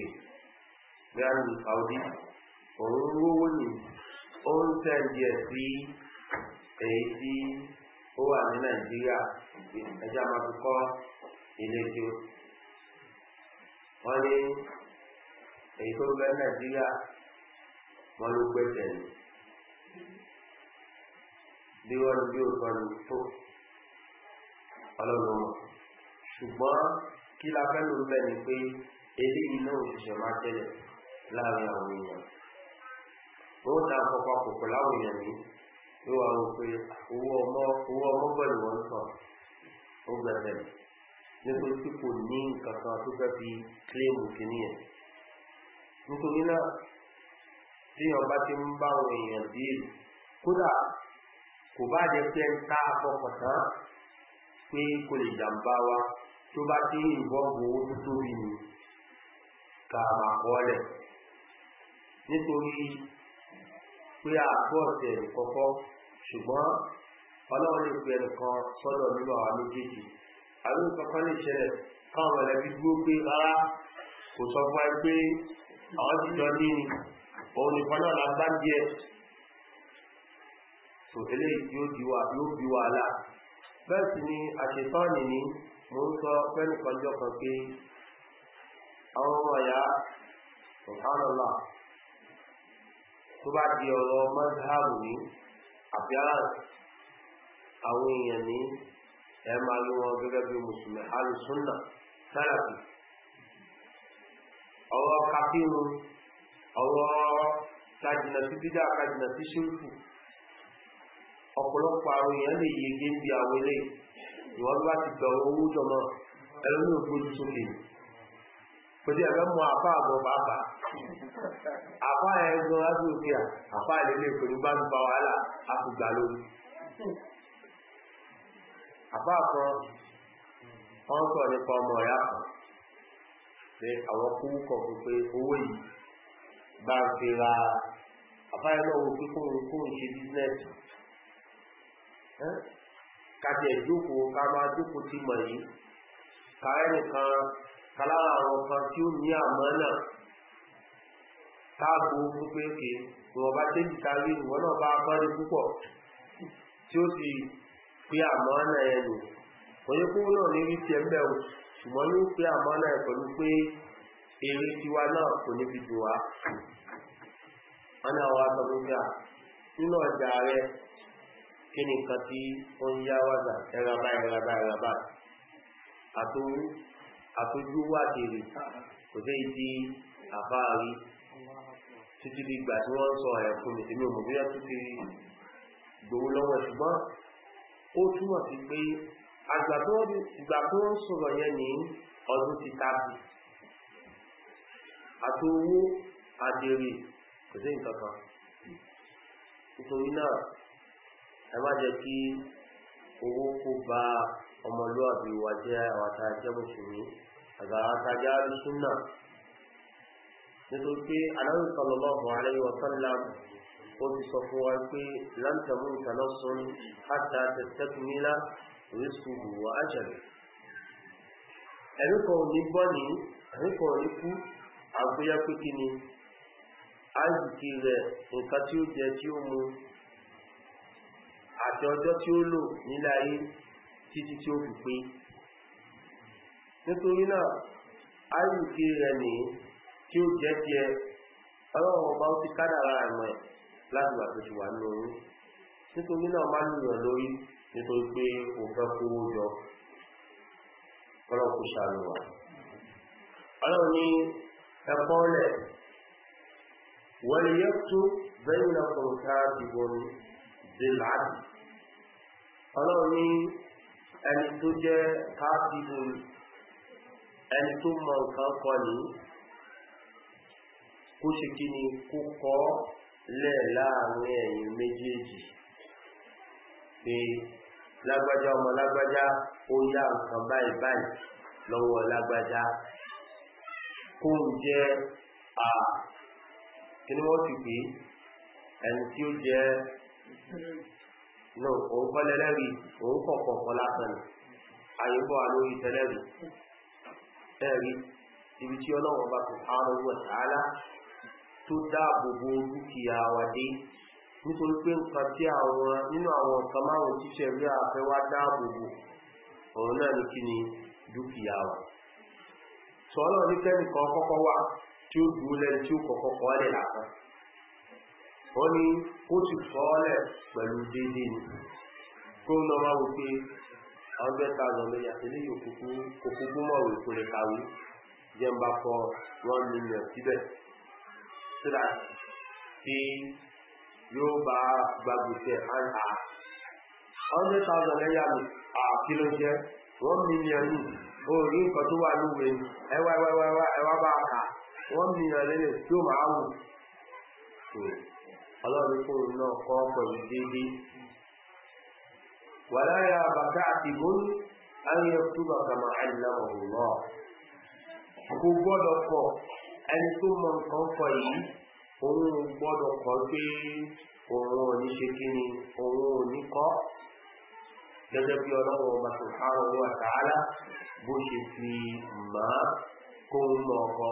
bí a ní Saudi òun rówó nìyí ó ń tẹ̀ díẹ̀ sí èyí tí ó wà ní nàìjíríà ẹjọ́ máa fi kọ́ ilé tí ó wọ́n ní èyí tó ń bẹ nàìjíríà wọ́n ló gbẹ̀sẹ̀ ní bí wọ́n bí ó sọ tó ọlọ́run mọ̀ ṣùgbọ́n kí la fẹ́ ló ń bẹ ni pé eléyìí náà òṣìṣẹ́ máa tẹ̀lé láàrin àwọn èèyàn. တို့တာပေါ့ပေါ့ကိုဘလောက်ဝင်ရည်တို့အောင်ပြေဟိုမောဟိုမောဘယ်ဝန်ဆောဟုတ်တယ်ဗျဒီလိုသူကိုနင်းကတာသူကပြီး claim ကင်းရဲ့ဒီလိုလားဒီတော့ဘာတင်ပါဝင်ရည်ဒီကုဒါကိုဘာတဲ့ပြန်တာပေါ့ပေါ့တာဒီကိုလေဂျမ်ပါဝါသူဘာတီဘောဘူးသူဘင်းကာမခေါ်လေ nítorí pé àgbọ̀ ọ̀tẹ̀ kọ̀kọ́ ṣùgbọ́n ọlọ́run lè pe ẹnìkan sọ́dọ̀ nínú àwọn méjèèjì àwọn kankan lè ṣẹlẹ̀ káwọn mọ̀lẹ́bí dúró pé rárá kò sọ fún ẹ pé àwọn ti jọ ní òun nìkan náà la bá díẹ̀ tò eléyìí yóò bí wàhálà bẹ́ẹ̀ sì ni àṣetọ́ọ̀nì ni mo ń sọ fẹ́nìkan kan pé àwọn ọmọ ọ̀yá ọ̀hánàlá tó bá di ọ̀rọ̀ mọ́sáàbù ní appearance àwọn èèyàn ní ẹ máa lò wọn gẹ́gẹ́ bí mùsùlùmí alùsùnà sálàbì ọ̀rọ̀ kàfíìnù ọ̀rọ̀ tajìnà sí bídà tajìnà sí ṣínkù ọ̀pọ̀lọpọ̀ àwọn èèyàn lè yege ń bi àwọn eléyìí ìwọ́n bá ti gbà owó jọmọ ẹlẹ́nu ògbójú sókè pẹ̀lú ẹ̀fẹ́ mọ àbá àgbọ̀ bàbá àfa yẹn gan lábẹ́ òfin à àfa yẹn lè pẹ̀lú bá ń ba wàhálà á fi gbà lórí. àfa kan wọ́n sọ nípa ọmọ ọ̀yá kan pé àwọn kúrú kan fún pé owó yìí bá ń fi ra àfa yẹn náà wò pé kóun kóun ṣe bísínẹ́sì kájẹ ìjókòó ká máa jókòó ti mọ̀ yìí ká ẹnìkan kalára àwọn kan tí ó ní àmọ́ náà. táàbù pípé òkè ìwọ̀nba tẹ́jì tàbí ìwọ̀n náà bá pọ́nlé púpọ̀ tí ó ti pé àmọ́ náà yẹn náà ní o ṣùgbọ́n yóò pé àmọ́ náà yẹn pẹ̀lú pé èrè tiwa náà kò ní fi dùn wá. wọ́n ní ọjà rẹ kí ni tí ó ń yá wàzà ẹ̀rọ̀bá ẹ̀rọ̀bá ẹ̀rọ̀bá àtòjú wà dèrè títí di ìgbà tí wọ́n sọ ẹ̀ fún mi èmi ò mọ̀ bóyá tó ti gbowó lọ́wọ́ ṣùgbọ́n ó túmọ̀ sí pé àgbà tó ìgbà tó ń sọ̀rọ̀ yẹn ní ọdún ti tábì àti owó àdèrè kò sí nǹkan kan nítorí náà ẹ má jẹ́ kí owó kó ba ọmọlúwàbí wa jẹ́ àwọn tá mùsùlùmí àgbà tá a náà. nítorí pé aláwọ̀ sọlọ́lọ́hùn àlẹ́ ọ̀sánlá ó ti sọ fún wa pé láǹtẹ̀mú ìtànásùn àtà tẹ̀tẹ̀kùnmílá oríṣiríṣi wà ájẹ̀lẹ̀ ẹ̀rí ní gbọ́ ní ní kú àgbéyá pé ni àìsìkì rẹ̀ nǹkan tí ó jẹ tí ó mu àti ọjọ́ tí ó lò nílé ayé títí tí ó fi pé nítorí náà àìsìkì rẹ̀ nìyí tí ó jẹ́ tiẹ̀ ọlọ́run ọba ó ti kádàrá ẹ̀mọ́ ẹ̀ láti wà tó ti wà nínú oyún nítorí náà má lùyàn lórí nítorí pé kò fẹ́ kówó jọ ọlọ́run kò ṣàánú wa ọlọ́run ní ẹ̀kọ́ lẹ̀ wọ́n yẹ tó bẹ́yìn náà kò ká dìbò dè láàbì ọlọ́run ní ẹni tó jẹ́ káàdìbò ẹni tó mọ nǹkan kọ nìyí kó ṣe kí ni kó kọ́ lẹ̀ láàrin ẹ̀yìn méjèèjì pé lágbájá ọmọ lágbájá ó yá nǹkan báyìí báyìí lọ́wọ́ lágbájá kó ń jẹ́ à kí ni wọ́n ti pè ẹni tí ó jẹ́ no òun kọ́ lẹ́lẹ́rìí òun kọ̀ọ̀kọ̀ kọ́ lásán ni àyè ń bọ̀ wá tẹ́lẹ̀rìí ẹ̀rí ibi tí ọlọ́run bá fi hàn owó tààlà tó dáàbò bo dúkìá wa dé nítorí pé nǹkan tí àwọn nínú àwọn nǹkan márùn tíṣẹ̀ rí àfẹ́ wá dáàbò bo ọ̀run náà ní kí ni dúkìá wa sọ́ọ́lọ́ ní kẹ́nìkan kọ́kọ́ wà tí ó dúró lẹ́nu tí ó kọ́kọ́ kọ́ lẹ̀ lásán ó ní kó sì sọ́ọ́lẹ̀ pẹ̀lú déédéé ni kó ń lọ máa wò pé hundred thousand kàwé jẹ́ ń bá million síbẹ̀ síra tí yóò bá gbàgbèsè àǹtà hundred thousand ẹ̀yà mi àkìlọ̀ jẹ́ one million ní orí nǹkan tó wà lóore ẹwà ẹwà ẹwà ẹwà bá a kà one million lélẹ̀ tí ó máa wù. ọlọ́run fún un náà kọ́ pẹ̀lú pọ̀ ẹni tó mọ nǹkan kọ yìí òun gbọ́dọ̀ kọ́ pé òun ò ní ṣe kí ni òun ò ní kọ́ gẹ́gẹ́ bí ọlọ́run ọba subhanahu wa ta'ala bó ṣe fi màá kó ń mọ ọkọ.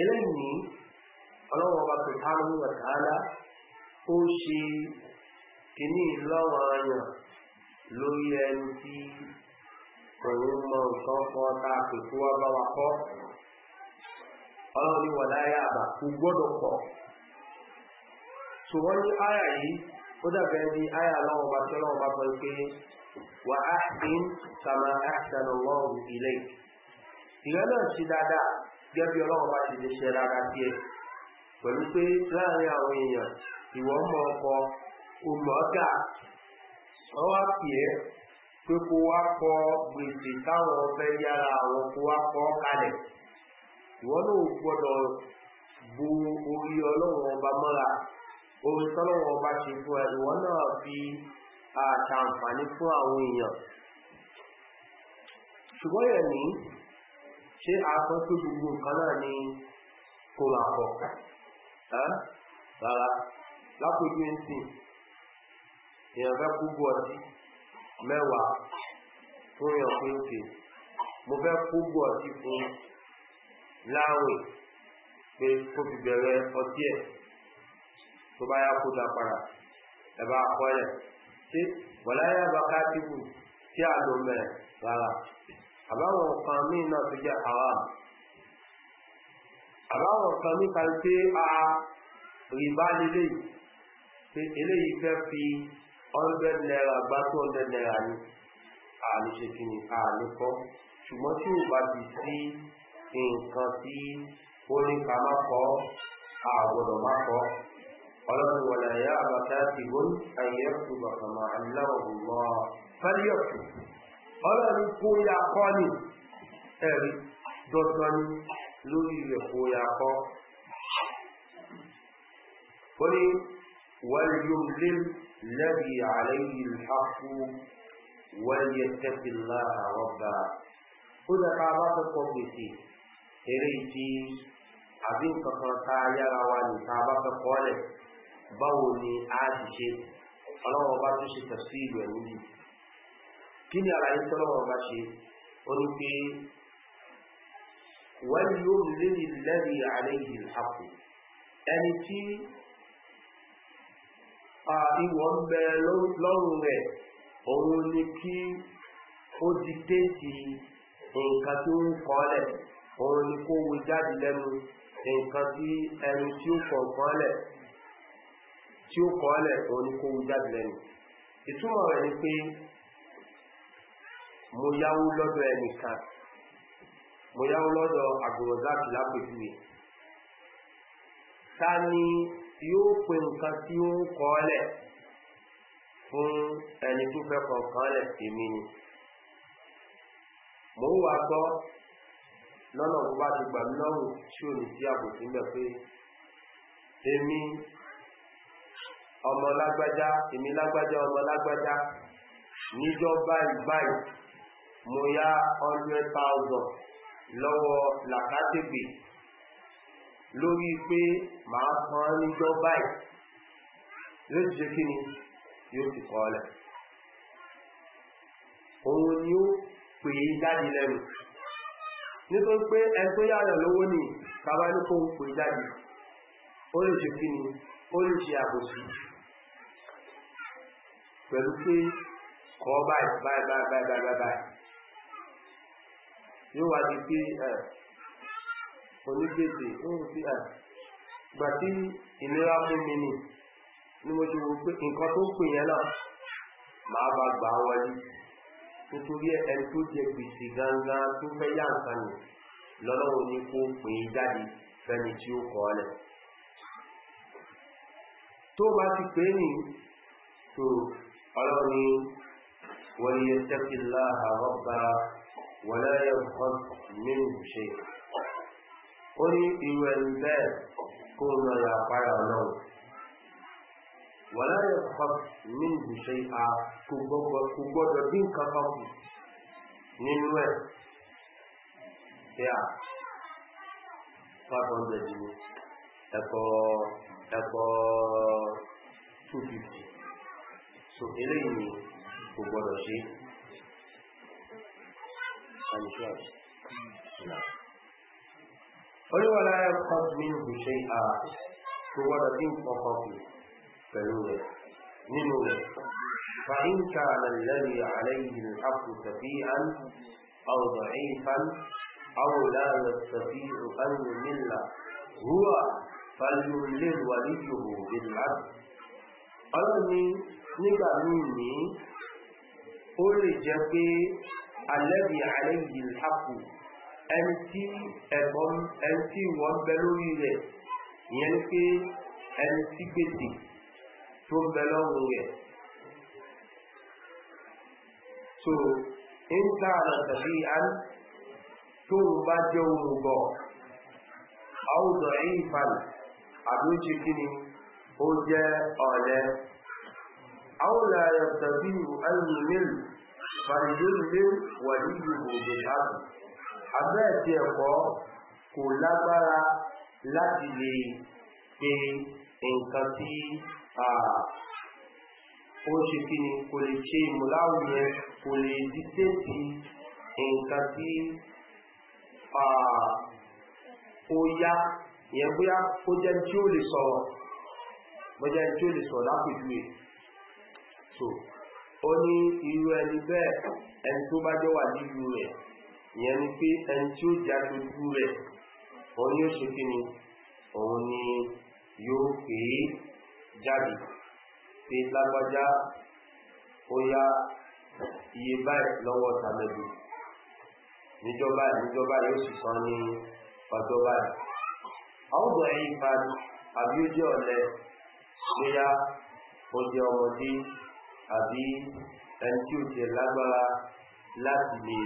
eléyìí ọlọ́run ọba subhanahu wa ta'ala ó ṣe kìíní lọ́wọ́ ayàn lórí ẹni tí òun mọ nǹkan kọ́ tá a pè fún wa bá wa kọ́. ọlọ́run ní wọ̀lá ayá àbà kò gbọ́dọ̀ pọ̀ ṣùgbọ́n ní ayà yìí ó dàbẹ̀ ní ayà aláwọ̀ bá tí ọlọ́run bá sọ pé wà á dín sàmà àṣàlọ lọ́rùn ilé ìrẹ́ náà ṣe dáadáa gẹ́gẹ́ bí ọlọ́run bá ti lè ṣe dáadáa sí pẹ̀lú pé láàrin àwọn èèyàn ìwọ mọ ọkọ òmọ̀ọ́gà wọ́n wá pè é pé kó wá kọ gbèsè táwọn fẹ́ ìwọ náà gbọ́dọ̀ bu orí ọlọ́run ọba mọ́ra orí tọ́lọ́run ọba ṣe fún ẹ ìwọ náà fi àtàǹfààní fún àwọn èèyàn ṣùgbọ́n yẹn ní ṣé aṣọ tó gbogbo nǹkan náà ni kò máa pọ̀ rárá lápòjú ń sìn èèyàn fẹ́ kú bú ọtí mẹ́wàá fún èèyàn pé ó ṣe mo fẹ́ kú bú fún láwìn pé kó fi bẹ̀rẹ̀ ọtí ẹ̀ tó bá yá kó da padà ẹ bá kọ́ ẹ̀ ṣé wọ̀láyà bá ká tìbù tí a lò mẹ́ rárá àbáwọn kan míì náà tó jẹ́ àwa àbáwọn kan nípa pé a rìbá lélẹ́yìí pé eléyìí fẹ́ fi hundred naira gba two hundred naira ni àlùṣe kìíní àlùkọ́ ṣùgbọ́n tí ò bá ti sí. nǹkan tí ó ní ká má kọ́ àgbọ̀dọ̀ má kọ́ ọlọ́run wọ̀lá ẹ̀yà àbàtà ti gbọ́n ayé ẹ̀kú bàtàmà aláwọ̀lọ́ fẹ́líọ̀tù ọlọ́run kó ya kọ́ ni ẹ̀rí ma ko olorun wole lórí rẹ̀ kó ya kọ́ eri doto rẹ̀ ní wàlúùlẹ́m lẹ́bi àlẹ́yìn ìlhàkú lẹ́bi lebi yìí lọ́pù àrọ́bà ó dàka bá tó kọ́ gbèsè eléyìí tí àbí nǹkan kan tá a yára wa nìkan bá fẹ́ kọ́ lẹ̀ báwo ni a ti ṣe ọlọ́wọ́ bá tún ṣe tẹ̀sí ìlú ẹ̀ níbi kí ni àlàyé tọ́lọ́wọ́ bá ṣe ó ní pé wọ́n yóò lé ní lẹ́rìí àléyìn àpò ẹni tí ìwọ̀ ń bẹ lọ́rùn rẹ̀ òun ni kí ó di déètì nǹkan tó ń kọ́ òun ni kó wí jáde lẹ́nu nǹkan tí ẹnu tí ó kọ̀ nǹkan lẹ̀ tí ó kọ̀ lẹ̀ òun ni kó wí jáde lẹ́nu ìtumọ̀ rẹ̀ ni pé mo yáwó lọ́dọ̀ ẹnìkan mo yáwó lọ́dọ̀ àgbòròdáàkì lápèjúwe ta ni yóò pe nǹkan tí ó ń lẹ̀ fún ẹni tó fẹ́ kọ̀ọ̀kan lẹ̀ èmi ni mo wà gbọ́ lọ́nà tó bá ti gbà mí lọ́rùn tí ò ní sí àbòsí mẹ́ pé èmi ọmọ lágbájá èmi lágbájá ọmọ lágbájá níjọ́ báyìí báyìí mo yá hundred thousand lọ́wọ́ làkàtẹ́gbè lórí pé màá san níjọ́ báyìí yóò ṣe kí ni yóò ti kọ́ ọ lẹ̀ òun ni ó pè é jáde lẹ́nu nítorí pé ẹni tó yáyàn lówó ní bàbá ní kó ń pè jáde ó lè ṣe kí ni ó lè ṣe àbòsí pẹ̀lú pé kọ́ báyìí báyìí báyìí báyìí báyìí yóò wá di pé onígbèsè ó ń fi hàn gbà tí ìnira fún mi ni ni mo ṣe wo pé nǹkan tó ń pè yẹn náà màá bá gbà wọlé nítorí ẹni tó jẹ gbèsè gangan tó fẹ́ yá nǹkan nì lọ́lọ́run ní kó pè é jáde fẹ́ni tí ó kọ́ lẹ̀ tó bá ti pè é nì tó ọlọ́run ní wọ́n yẹ tẹ́kìlá àwọn wọ́n lẹ́yìn kan nínú ṣe ó ní ìwẹ̀ ń bẹ́ẹ̀ kó lọ yà para ọlọ́run ဝလာယဖတ်မင်းဟူရှိအာကုဘောကုဘောဒင်းကဖတ်နင်းဝဲတရားပါတော်တဲ့ဒီတကောတကောသူကြည့်ဆိုအလေးမျိုးကုဘောဒရှိဆန်ရှာနာဘယ်ဝလာယဖတ်မင်းဟူရှိအာကုဘောဒင်းဖတ် فلوه منه فإن كان الذي عليه الحق سفيعا أو ضعيفا أو لا يستطيع أن يمل هو فليملل وليه بالعبد أرني نقاميني أرجك الذي عليه الحق أنت أبن أنت وبلوي ذلك يعني أنت بديك tó ń bẹ lọ́rùn rẹ̀ tó ń ká àrùn tàbí án tó ń bá jẹ́ ohun bọ̀ àwùjọ ìfàn àdójì kí ni ó jẹ́ ọ̀lẹ́ àwùjọ àrùn tàbí ẹ̀yìn mélòó fàìdílé kò lágbára láti lè pe nǹkan tí Ah, ó ṣe kí ni kò lè ṣe ìmúláwùyẹ kò lè dídéètì nǹkan tí ah, ó yá ìyẹn bóyá ó jẹ́ tí ó lè sọ̀rọ̀ bóyá tí ó lè sọ̀rọ̀ lápèjúwe so ó ní irú ẹni bẹ́ẹ̀ ẹni tó bá jọ wà nínú rẹ̀ ìyẹn ni pé ẹni tí ó já lójú rẹ̀ òun ni ó ṣe kí ni òun ni yóò pè jáde pé lágbájá ó yá iye báyìí lọ́wọ́ tàmẹ́bí níjọba níjọba yóò sì san ní ọjọ́ báyìí àwọn ọ̀dọ̀ ẹ̀yìn ìpàdé àbí ó jẹ́ ọ̀lẹ bóyá ó jẹ́ ọmọdé àbí ẹni tí ó jẹ lágbára láti lè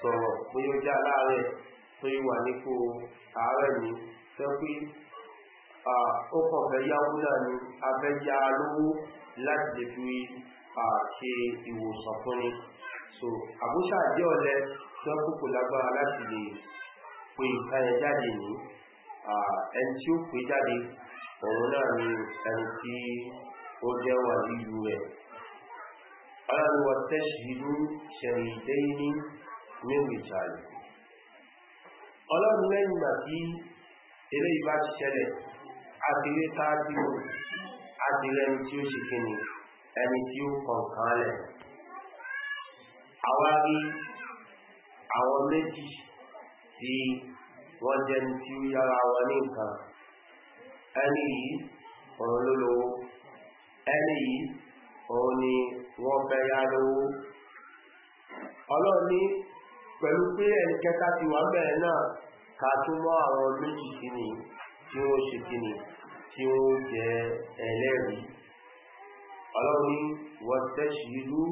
sọ̀rọ̀ bóyá ó jẹ́ aláàárẹ̀ tó yíwà nípò àárẹ̀ ní sẹ́kùn ó kàn fẹ́ yáwó náà ni a fẹ́ yá lówó láti lè fi ṣe ìwòsàn fún ni so àbúṣà jẹ́ ọ̀lẹ tí wọ́n kókò lágbára láti lè pe nǹkan yẹn jáde ní ẹni tí ó pè jáde òun náà ni ẹni tí ó jẹ́ wà nílùú rẹ̀ ọlọ́run wọ tẹ́ṣìlú ṣẹ̀rì ìdẹ́yìní nílùú ìṣàlẹ̀ ọlọ́run lẹ́yìn àti eré ìbá ti ṣẹlẹ̀ àti lé sáájú àti lẹ́ni tí ó ṣe kíni ẹni tí ó kọ̀ọ̀kan lẹ̀. àwa rí àwọn méjì tí wọ́n jẹ́ ní tí ó yára wọn ní nǹkan ẹni yìí òun ló lówó ẹni yìí òun ni wọ́n fẹ́ yá lówó ọlọ́run pẹ̀lú pé ẹni kẹta ti wà bẹ̀rẹ̀ náà ká tún mọ́ àwọn méjì kíni tí wọ́n ṣe kíni tí ó jẹ ẹlẹ́rìí ọlọ́run ní wọ́tẹ́ṣìlú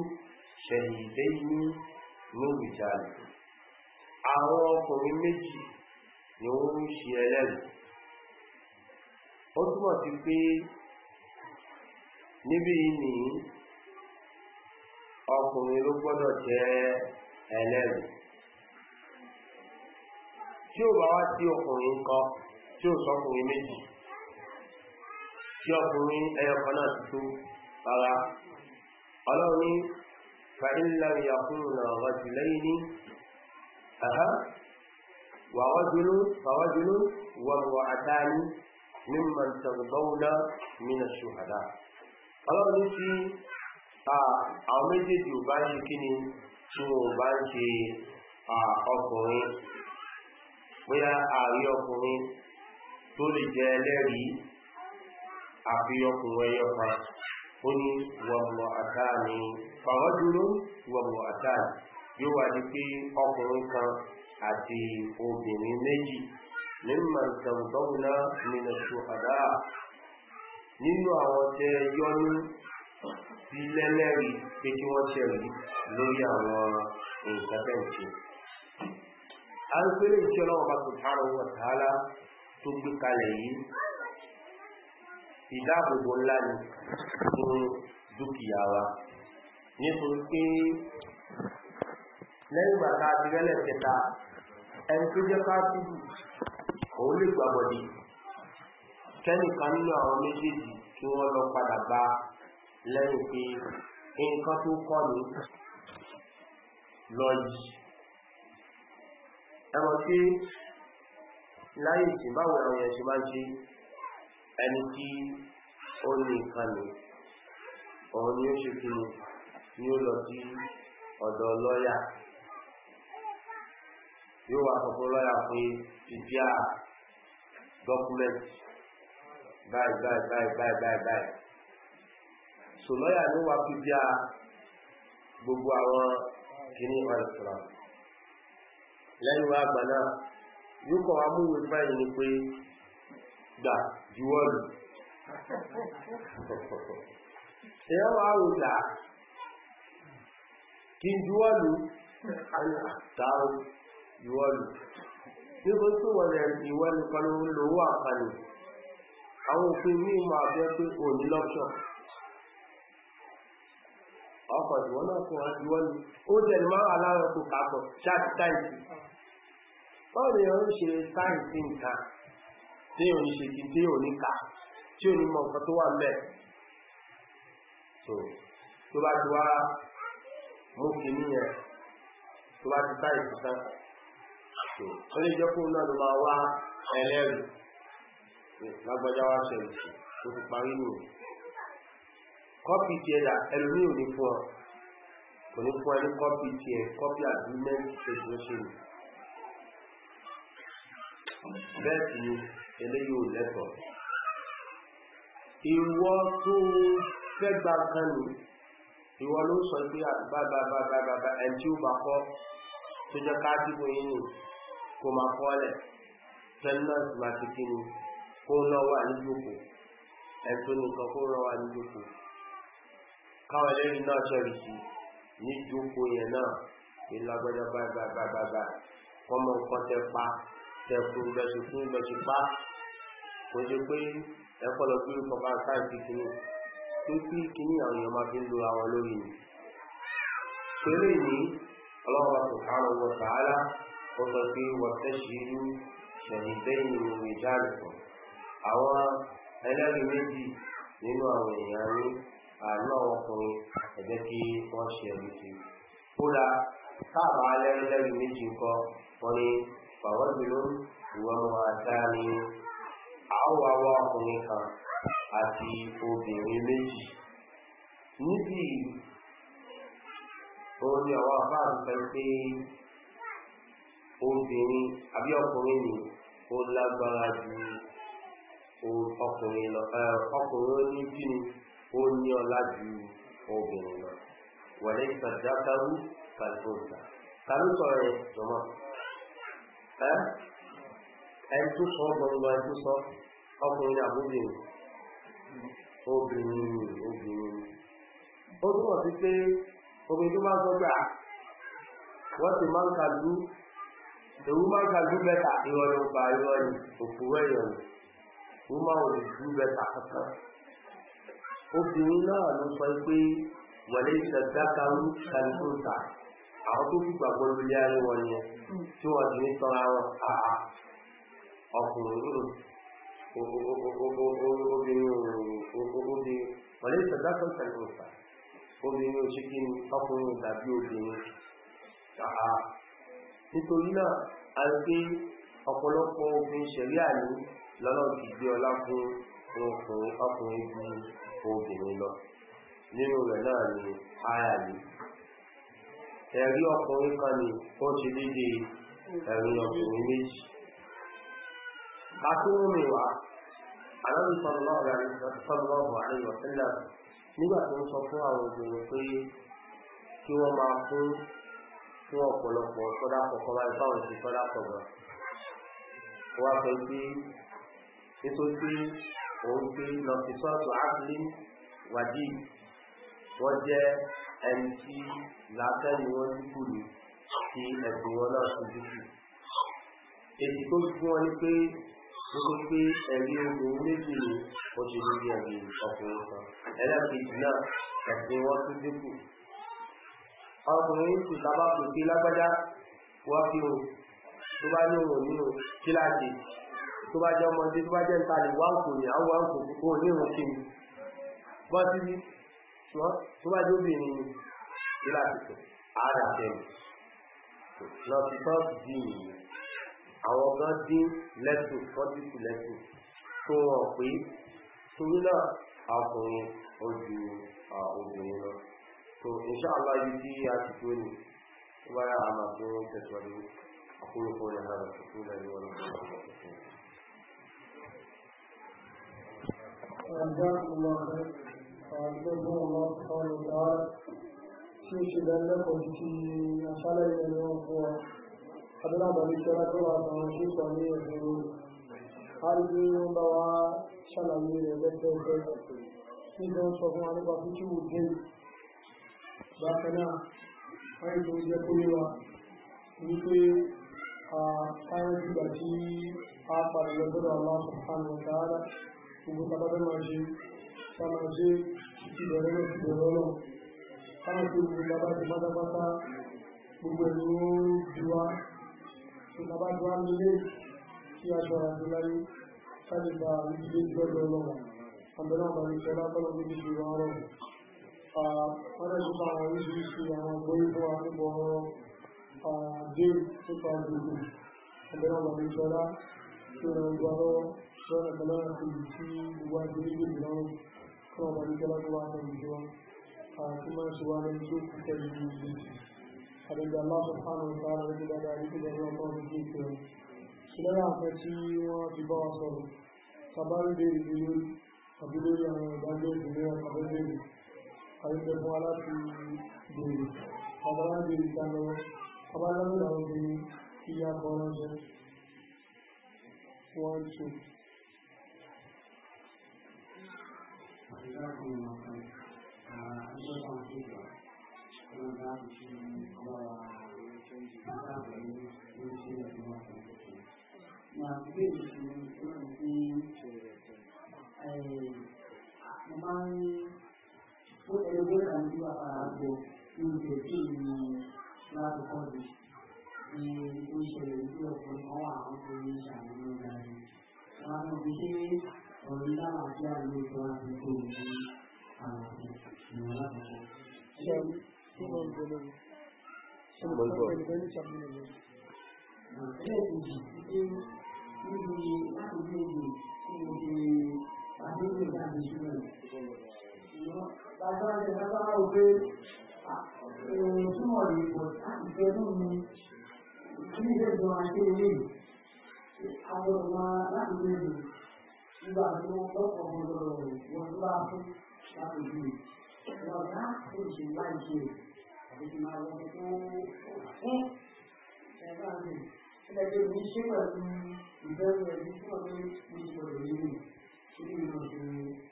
ṣẹ̀yìndéyìí ní ìjàlè àwọn ọkùnrin méjì ni ó ń ṣe ẹlẹ́rìí ó túmọ̀ sí pé níbi ní ọkùnrin ló gbọ́dọ̀ jẹ́ ẹlẹ́rìí tí ó bá wá sí ọkùnrin kan tí ó sọkùnrin méjì tí ọkùnrin ẹyọ kan náà ti tó rárá ọlọ́run ní fàílàrí àkúrùnà ọ̀rọ̀jù lẹ́yìn ní àhá wàwọ́júlú fàwọ́júlú wọ̀wọ̀ àdáni mímọ̀ tẹ̀gbọ́nà mínà ṣùhàdá ọlọ́run ní tí àfi ọkùnrin ẹyọ kan ó ní wọ̀mọ̀ àtàní fàwọ́dúró wọ̀mọ̀ àtàní yóò wà ní pé ọkùnrin kan àti obìnrin méjì mímọ ìtàǹtọ́wùná nínú ṣùkàdá nínú àwọn tẹ yọnú sí lẹ́lẹ́rìí pé kí wọ́n ṣẹ̀rí lórí àwọn nǹkan bẹ́ǹtì a ń pèrè ìṣẹ́ ọlọ́wọ́ bá tó tààrà owó tààrà tó gbé kalẹ̀ yìí ìdáàbòbò ńlá ni fún dúkìá wa nítorí pé lẹ́yìn bàtà àtìrẹ́lẹ̀ kẹta ẹni tó jẹ́ káàkiri òun lè gbàbọ̀dì kẹ́nìkan nínú àwọn méjèèjì kí wọ́n lọ padà bá lẹ́yìn pé nǹkan tó kọ́ ni lọ yìí ẹmọ tí láyé ìsìn báwọn àwọn ẹ̀ṣẹ̀ máa ń ṣe ẹni tí ó ní nǹkan lè òun ni ó ṣe kí ni ni ó lọ sí ọ̀dọ̀ lọ́yà yóò wá sọ fún lọ́yà pé pípíà dọ́kúmẹ́ntì báyìí báyìí báyìí báyìí báyìí báyìí so lọ́yà ló wá pípíà gbogbo àwọn kìíní ọ̀rẹ́sìlá lẹ́yìn wá àgbà náà yóò kọ́ wa mú ìwé báyìí ni pé gbà juwọ́lù èyàn wá wò dà kí n juwọ́lù tààrù juwọ́lù nígbà tó wọ́n rẹ̀ ìwọ́ nìkan ló ń lówó àpàlẹ̀ àwọn òfin ní ìmọ̀ àbẹ́ pé òní lọ́ṣọ̀ ọkọ̀ ìwọ́n náà fún wa juwọ́lù ó tẹ̀lé máa wà láwọn kò kàkọ̀ ṣáàtì táìsì báwo ni wọ́n ń ṣe táìsì nǹkan tí ò ní ṣe kí tí ò ní kà tí ò ní mọ nǹkan tó wà ń bẹ̀ so tó bá ti wá mú kìíní yẹn tó bá ti táyì sí tán so ó lè jẹ́ kóun náà ló máa wá ẹlẹ́rìí lágbájá wá ṣẹlẹ̀ sí tó ti parí nù kọ́pì tiẹ̀ dà ẹlòmíì ò ní fún ọ kò ní fún ẹ ní kọ́pì tiẹ̀ kọ́pì agreement ṣe ṣe ṣe nù bẹ́ẹ̀ sì ni eléyìí ò lẹ́tọ̀ọ́ ìwọ tó fẹ́ gba nǹkan nù ìwọ ló sọ pé bàbá bàbá bàbá ẹni tí ó bá kọ́ tó jẹ́ káàdìbò yín nù kó máa kọ́lẹ̀ fẹ́nọ́ọ̀sì máa ti kí ni kó lọ wà níjókòó ẹ̀tọ́ nìkan kó lọ wà níjókòó káwọn ẹlẹ́rìí náà sọ̀rọ̀ sí níjókòó yẹn náà ìlàgbọ́dọ̀ bàbá bàbá bàbá kọ́mọ nǹkan tẹ pa tẹkùn lọ́sùn fún lọ́sùn pa kò ṣe pé ẹ̀kọ́ lọ pé kọba sáìsì kìíní tó kí kìíní àwọn èèyàn máa fi ń lo àwọn lórí ni pẹ̀lú ìní ọlọ́wọ́ subhanahu wa ta'ala ó sọ pé wastashhidu shahidayni min rijalikum àwọn ẹlẹ́rìí méjì nínú àwọn èèyàn ní àánú ọkùnrin ẹ̀jẹ̀ kí wọ́n ṣe ẹ̀rí sí kódà káàbà ẹlẹ́rìí méjì ńkọ wọn ni fàwọn ìlú ìwọ́n máa dá ní àwọn àwa ọkùnrin kan àti obìnrin méjì níbi òun ni àwọn àbá ń fẹ́ pé obìnrin àbí ọkùnrin ni ó lágbára ju ọkùnrin lọ ọkùnrin ó ní bí ni ó ní ọlá ju obìnrin lọ wẹ̀lẹ́ ìsàdákàrú kàlùkòsà kàlùkò rẹ̀ jọmọ́ ẹ ẹ tó sọ gbọngbọn ẹ tó sọ ọkùnrin àbúgbìn obìnrin obìnrin ó túnmọ̀ sí pé omi tó bá sọ́gbà wọ́n ti máa ń kàlú the woman can do better ìwọ̀n ló gba ìwọ̀n ni òkú ẹ̀yọ̀ ni woman will do better kankan obìnrin náà ló sọ pé wọlé ìṣẹ̀dákarú kàlùkùtà àwọn tó fi gbàgbọ́ lórí ayé wọn yẹn tí wọ́n ti ń tọ́ra wọn àá ọkùnrin obìnrin ọ̀lẹ́ ìsọ̀dákọ̀ ìsọ̀dákọ̀ obìnrin òṣìkín ọkùnrin ìdàbí obìnrin ṣàhà nítorí náà a ń gbé ọ̀pọ̀lọpọ̀ obìnrin ṣẹ̀rí àní lọ́nà ti gbé ọlá fún ọkùnrin ọkùnrin bí obìnrin lọ nínú rẹ̀ náà ni àyà ni ẹ̀rí ọkùnrin kan ni ó ti léde ẹ̀rí ọkùnrin méjì Akínúmìwá, Ànábì sallallahu alaihi wa sallam nígbà tó ń sọ fún àwọn obìnrin pé kí wọ́n máa fún fún ọ̀pọ̀lọpọ̀ sọ́dá kọ̀ọ̀kan láì báwọn ti sọ́dá kọ̀ọ̀kan. Wọ́n á sọ pé nítorí pé òun pé lọ sí sọ́ọ̀tù Áfírí wàdí wọ́n jẹ́ ẹni tí làákẹ́ni wọ́n dúkù ní tí ẹ̀sìn wọn náà ti dúkù. Èsì tó fi fún wọn ni pé nítorí pé ẹ̀rí ogun méjì ni wọ́n ti ní bí ẹ̀rí ọkùnrin kan ẹlẹ́kejì náà ẹ̀sìn wọn tún dínkù ọkùnrin sì sábà pè pé lágbájá wá fi hàn tó bá ní òun nínú kíláàsì tó bá jẹ́ ọmọdé tó bá jẹ́ níta lè wá òkú ní àwọn òkú kó ní ìrùn kí ni bọ́ sí tó bá jẹ́ obìnrin ni kíláàsì tó àádà tẹ̀lé lọ sí tọ́ọ̀tù bí ìyẹn àwọn kan dín lẹ́tù fọ́dísì lẹ́tù tó wọ́n pé torí náà ọkùnrin ojú obìnrin lọ tó inṣáàlá yìí tí a ti tó ní wáyà àmà tó ń tẹ̀síwájú àkóyọ̀kọ́ rẹ̀ lára tó lẹ́yìn wọn جزاكم الله خير جزاكم الله سبحانه وتعالى شيء شبه لكم في أشعال اليوم ಅದರ ಭವಿಷ್ಯರಕ್ಕೂ ಆತ್ಮಿ ಸ್ವಾಮಿ ಇರಬೇಕು ಹಾಗಾಗಿ ಒಂದು ಚೆನ್ನಾಗಿ ಹೇಳ್ತೇವೆ ಇದು ಸ್ವಲ್ಪ ಕಾಫಿ ಉದ್ಯೋಗ bákan náà wọ́n tó jẹ́ kó lè wà wípé àtàrí ìgbà tí a padà lọ́gbọ́dọ̀ Allah subhanahu wa ta'ala gbogbo tàbátà máa ṣe sáàmà ṣe ìbẹ̀rẹ̀ lọ sí ìbẹ̀rẹ̀ lọ sáàmà ṣe gbogbo tàbátà pátápátá gbogbo ẹ̀lú ju wa ìjọba tó wá nílé tí a ṣọ́ra sí láyé káàdì bá ilé gbọ́dọ̀ ọlọ́wọ́ àbẹ̀lá àbàrí ìṣẹ́lá tọ́lọ́ níbi ti wọ́n rọ̀ wọ́n rẹ̀ nípa àwọn oríṣiríṣi àwọn ìgbóyè fún wa nípa ọ̀rọ̀ dé nípa gbogbo àbẹ̀lá àbàrí ìṣẹ́lá tí ó rẹ̀ gbọ́ lọ́wọ́ sọ́nà tọ́lọ́ àti tí gbogbo àti níbi ìlọrin fún àbàrí ìṣẹ́lá tó wá tẹ̀lé jọ àti máa ṣe wá lẹ́yìn tó kú tẹ̀lé àdẹ̀dẹ̀ aláwọ̀ sánà ìtara lójú dáadáa ní kílẹ̀ ẹ̀rọ ọkọ̀ ojú ìpè rẹ̀ ṣùgbọ́n àfẹ́ tí wọ́n ti bá wa sọ̀rọ̀ sabari béèrè ní lórí àbí lórí àwọn ìdájọ́ ìdílé ọkọ̀ béèrè àyẹ̀dẹ̀ fún aláti béèrè ọ̀bọ̀lá béèrè ìdáná ọbalámúlà obìnrin ìyá bọ́lá jẹ́ one two. Ìjọba àwọn ọmọ kan, àwọn ọmọ kan ti gbà. နာမည်ရှင်ကိုသိချေတယ်အဲမမန်ကိုအရေးကြီးအောင်ပြောတာကိုသူတို့ကြည့်လာတော့ဒီဒီသူရှင်တို့ကိုဘောအောင်ကိုရရှာလို့လည်းဒါမှမဟုတ်ဒီဟိုလာအပြလို့ပြောတာကိုအာဒီမှာအဲ့ Bọ́lbọ̀. Ẹlẹ́ẹ̀kejì ဒီမှာလည်းဒီလိုဟင်းဆက်ပါမယ်ဒါကြောင့်ဒီရှိမှဒီဘက်ရဲ့ဒီရှိမှဒီလိုလေးရှိနေလို့ဒီ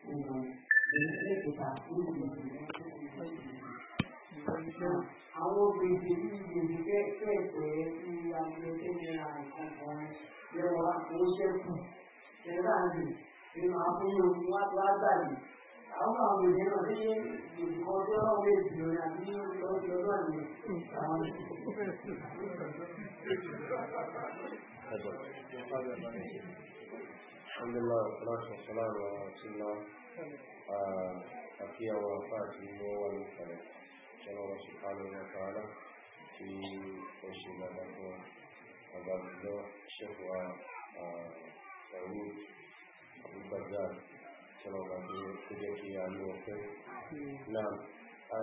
ပုံစံဒီစိတ်ကပါဘူးဒီလိုအဝိဇ္ဇိဒီကဲကဲကိုဒီရံရဲ့တင်လာတာကိုရောဝါကိုရှေ့ကိုဒါကဒီဒီမှာဘုရားသွားတာအောင်ပါလို့ကျွန်တော်ဒီဒီပေါ်တော့လေးပြောရပြီးတော့ပြောရမယ်။ဒါမှမဟုတ် الحمد لله والصلاة والسلام على رسول الله أكيا وفاتي ومثلا كان الله سبحانه وتعالى في أشهد لكم أبا الله الشيخ سعود أبو البزار ကျွန်တော်ကဒီဒီကီယာလို့ပဲနာအာ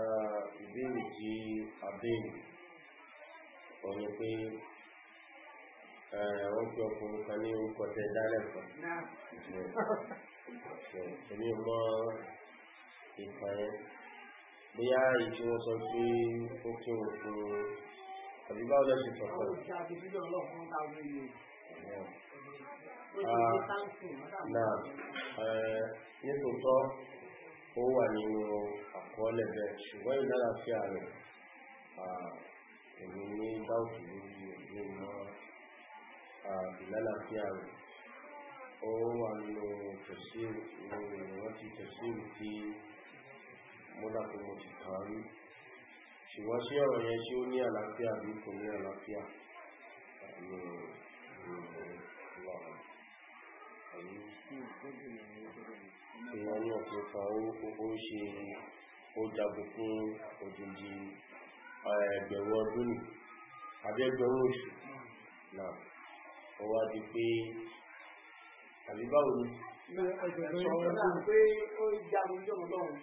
ဒီဒီအဘိဟိုဒီအဲဟုတ်ကဲ့ကိုခဏလေးကိုတက်တယ်လည်းပေါ့နာကျွန်တော်ကဒီဖိုင်ဘုရားကြီးကိုဆိုပြီးကိုကိုကိုဒီလောက်လည်းဖြစ်တော့ဟုတ်ကဲ့ဒီလိုလောက်ဟောတာလို့ Ah, náà eh, ní tòótọ́ ó wà nínú àkọọ́lẹ̀ bẹ́ẹ̀ ṣùgbọ́n ìlàlàáfíà rẹ̀ ah, èmi ní dáùtù lórí òbí mọ́ ìlàlàáfíà rẹ̀ ah, ó wà nínú tẹ̀síwò ìwọ̀n ti tẹ̀síwò tí mọ́dàkùn mo ti kàn rí ṣùgbọ́n sí ọ̀rọ̀ yẹn tí ó ní àlàáfíà bí kò ní àlàáfíà ní ìlú ọ̀rọ̀ èèyàn náà tó fa ó ṣe ó jagun fún òdìdí ẹgbẹ̀rún ọdún nì àbí ẹgbẹ̀rún oṣù náà ó wá di pé àbí báwo ni. Ìgbà pé ó jagun jọ̀mọ̀ lọ́hùn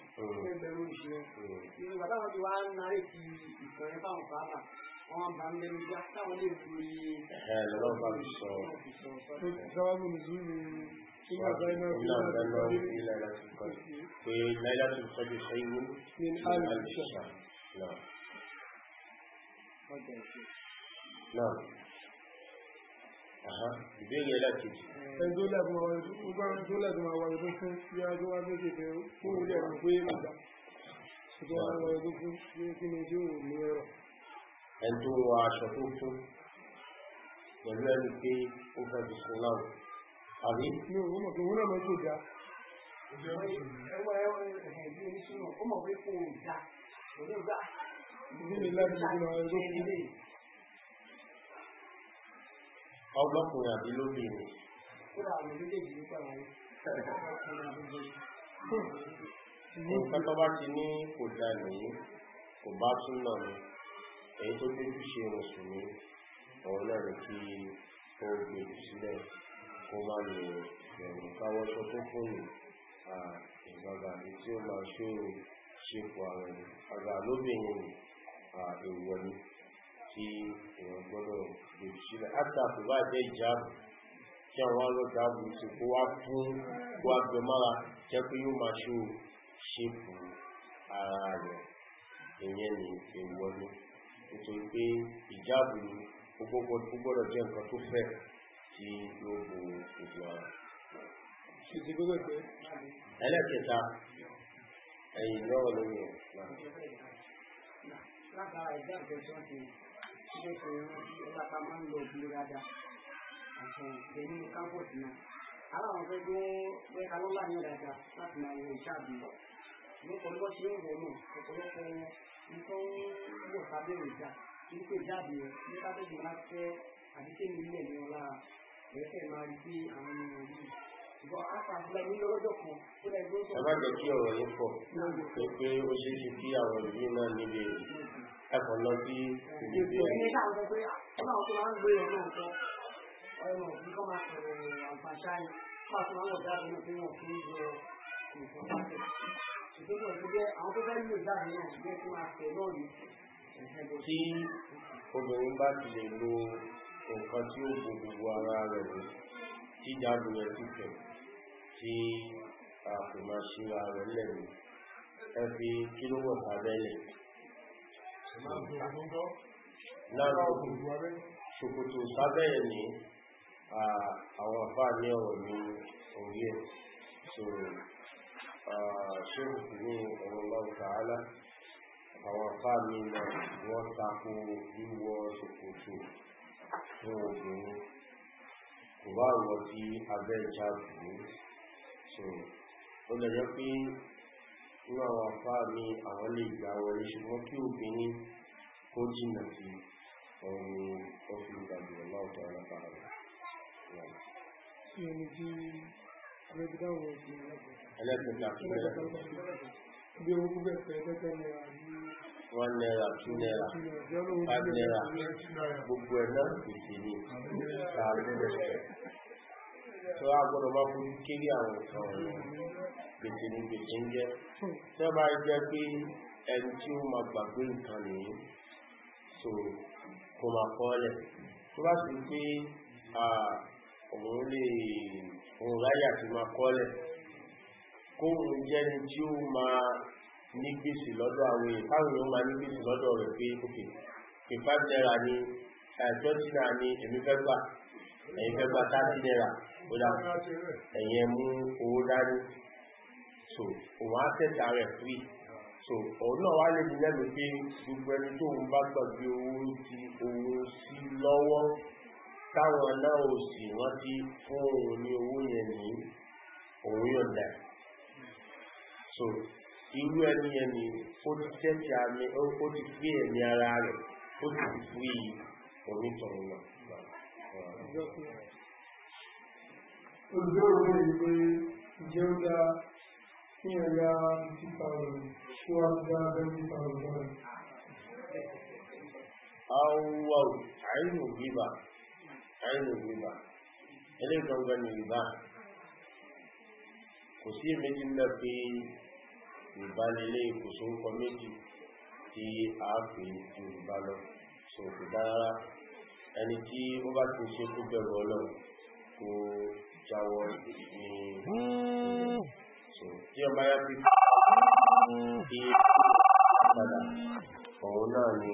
ẹgbẹ̀rún oṣù ti wá ń narí ẹ lọ́wọ́ bá mi sọ sábàbù nìyí ni ìlànà ìlànà ti kọ́ pé náírà ti kọ́ ju sẹ́yìn ní alìsà náà. náà ìbéèrè ẹlẹ́kejì. ẹ dólẹ̀ tó máa wà lọ́dún fún bí a tó wá méjì pé fún ilé ẹ̀rọ pé màdá ṣùgbọ́n àwọn ọ̀dọ́ fún bí kí ni tí ò ní ẹ̀rọ ẹni tó ń wọ aṣọ tó fún pẹ̀lú ẹni pé ó fẹ́ fi sun náà àbí. mi ò mọ̀ pé wọ́n náà máa tó dáa. ẹwà ẹwà ẹ̀hìn bí oní sùn ó mọ̀ pé kò dáa kò ní gbà. ìdílé mi láti ṣe máa ń lókè. ọgbọ́kùnrin àbí lóbìnrin. ó dà àwọn méjèèjì ló pàrọ̀ wọn. nǹkan tó bá ti ní kò dáa nìyí kò bá tún náà ni èyí tó lójú ṣe mùsùlùmí òun náà kí ó gbèrú e sílẹ̀ kó má lè bẹ̀rù káwọ́sọ tó fòyè ìgbàgbà àbí tí ó máa ṣó ṣepò àwọn ènìyàn àgbà lóbìnrin èèwọ̀ tí èèyàn gbọ́dọ̀ gbèrú e sílẹ̀ átàkù bá jẹ́ ìjáàbù tí àwọn alọ́dàbù ti kó wá fún kó wá gbẹ mára jẹ́ pé yóò máa ṣó ṣepò ara rẹ̀ ìyẹn ni èèwọ̀ nítorí pé ìjáàbù ni jẹ́ nǹkan tó fẹ́ tí yóò bo ojú ara. ẹlẹ́kẹta ẹ̀yìn lọ́wọ́ lórí ẹ̀ látara ìdáàbò tí ti ṣe ṣe rántí ọlọ́pàá máa ń lo òbí rádà àti ìgbẹ́ni kámpọ̀tì náà. aláwọn fẹ́ gbé mẹ́ta ló láàyè rádà láti máa lo ìṣáàbù lọ. ní kò ṣe ń wò ó nù ọ̀pọ̀lọpọ̀ nítorí wọ́n sábẹ́rù ìjà kí pé jáde rẹ̀ ní sábẹ́rù bá fẹ́ àdíkè nílẹ̀ ní ọlá ẹ̀fẹ̀ máa rí bí àwọn ènìyàn yìí. ṣùgbọ́n àpàtúlẹ̀ ní lọ́jọ́ kan tó lẹ́ gbé. ẹ má jẹ́ kí ọ̀rọ̀ yín pọ̀ pé ó ṣe é ṣe kí àwọn ìlú náà níbi ẹ̀kọ́ lọ sí ìdíje. ẹni ká sọ pé ọlọ́run tó máa ń gbé ọ̀nà ọ̀tọ̀ ọ̀rọ̀ ìgbésẹ̀ tí obìnrin bá ti lè lo nǹkan tí ó bo gbogbo ara rẹ̀ ní tí jáde rẹ̀ ti tẹ̀ tí a kò máa ṣe ara rẹ̀ lẹ́nu ẹ fi kílówọ̀ sábẹ́lẹ̀. lára ṣòkòtò sábẹ́ẹ̀ ni àwọn àbá ní ọ̀rọ̀ ní orí ẹ̀ ṣéwù ní ọ̀rọ̀lọ́wọ́ tààlà àwọn fáàmì náà wọ́n tako wíwọ ṣòkòtò fún obìnrin kò wá wọ sí abẹ́ ìjáàbù so ó lè jẹ́ pé nínú àwọn fáàmì àwọn lè gbà wọlé ṣùgbọ́n kí obìnrin kó jìnà sí ọ̀run ọ̀fìn ìgbàgbọ́ ọlọ́ọ̀tọ̀ rẹ̀ ẹlẹ́gbẹ̀ta tún náírà one naira two naira five naira gbogbo ẹ̀ náà pèsè ní ṣàlù rẹ̀ tó a gbọ́dọ̀ máa fojú kéré àwọn ìtàn pèsè ní pèsè ń jẹ́ tí wọ́n bá jẹ́ pé ẹni tí ó máa gbàgbé nǹkan nìyí so kò máa kọ́ ọ́lẹ̀ tó bá sì pé òun lè òǹráyà ti máa kọ́lẹ̀ kó òun jẹ́ni tí ó máa ní gbèsè lọ́dọ̀ àwọn èèyàn táwọn èèyàn máa ní gbèsè lọ́dọ̀ rẹ̀ pé òkè ìfà tẹ́ra ni twenty naira ni èmi fẹ́ gbà ẹ̀yin fẹ́ gbà thirty naira ó dà ẹ̀yin owó dání so òun á tẹ̀sà rẹ̀ free so òun náà wá lè ní lẹ́nu pé gbogbo ẹni tó ń bá gbàgbé owó ti owó sí lọ́wọ́ táwọn náà ò sì wọ́n ti fún òun ní owó yẹn ní òun so irú ẹni yẹn ni ó ti tẹ́tí àmì ó ti gbé ẹ̀mí ara rẹ̀ ó ti fi onítọ̀run náà. Olùdó òwe ìwé ó dá kí ya kí wọ́n ti dá Àwọn bíbà. àìní rìbá eléyìí gangan ní rìbá kò sí méjì ńlá pé rìbá lélẹ̀ kò sórúkọ méjì tí a pè ju rìbá lọ so kò dára ẹni tí ó bá ti ṣe kó bẹ̀rù ọlọ́run kó jáwọ́ ní so tí ọba yá fi fi padà òun ni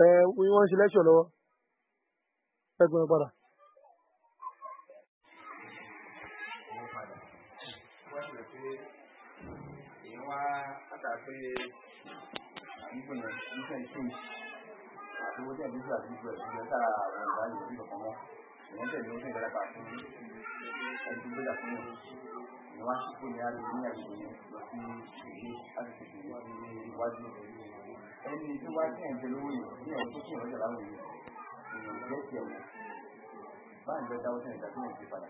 ẹ wọ́n ṣe lẹ́ṣọ̀ lọ́wọ́ ẹgbẹ́ padà. Thank you ẹni tó bá tẹ̀ ń tẹ lówó yìí ní ọ̀tún tí ọ̀jọ̀ láwọn yìí èèyàn jẹ́ tiẹ̀ wò báyìí lọ́jà ó tẹ̀ ń tẹ̀ tó ti padà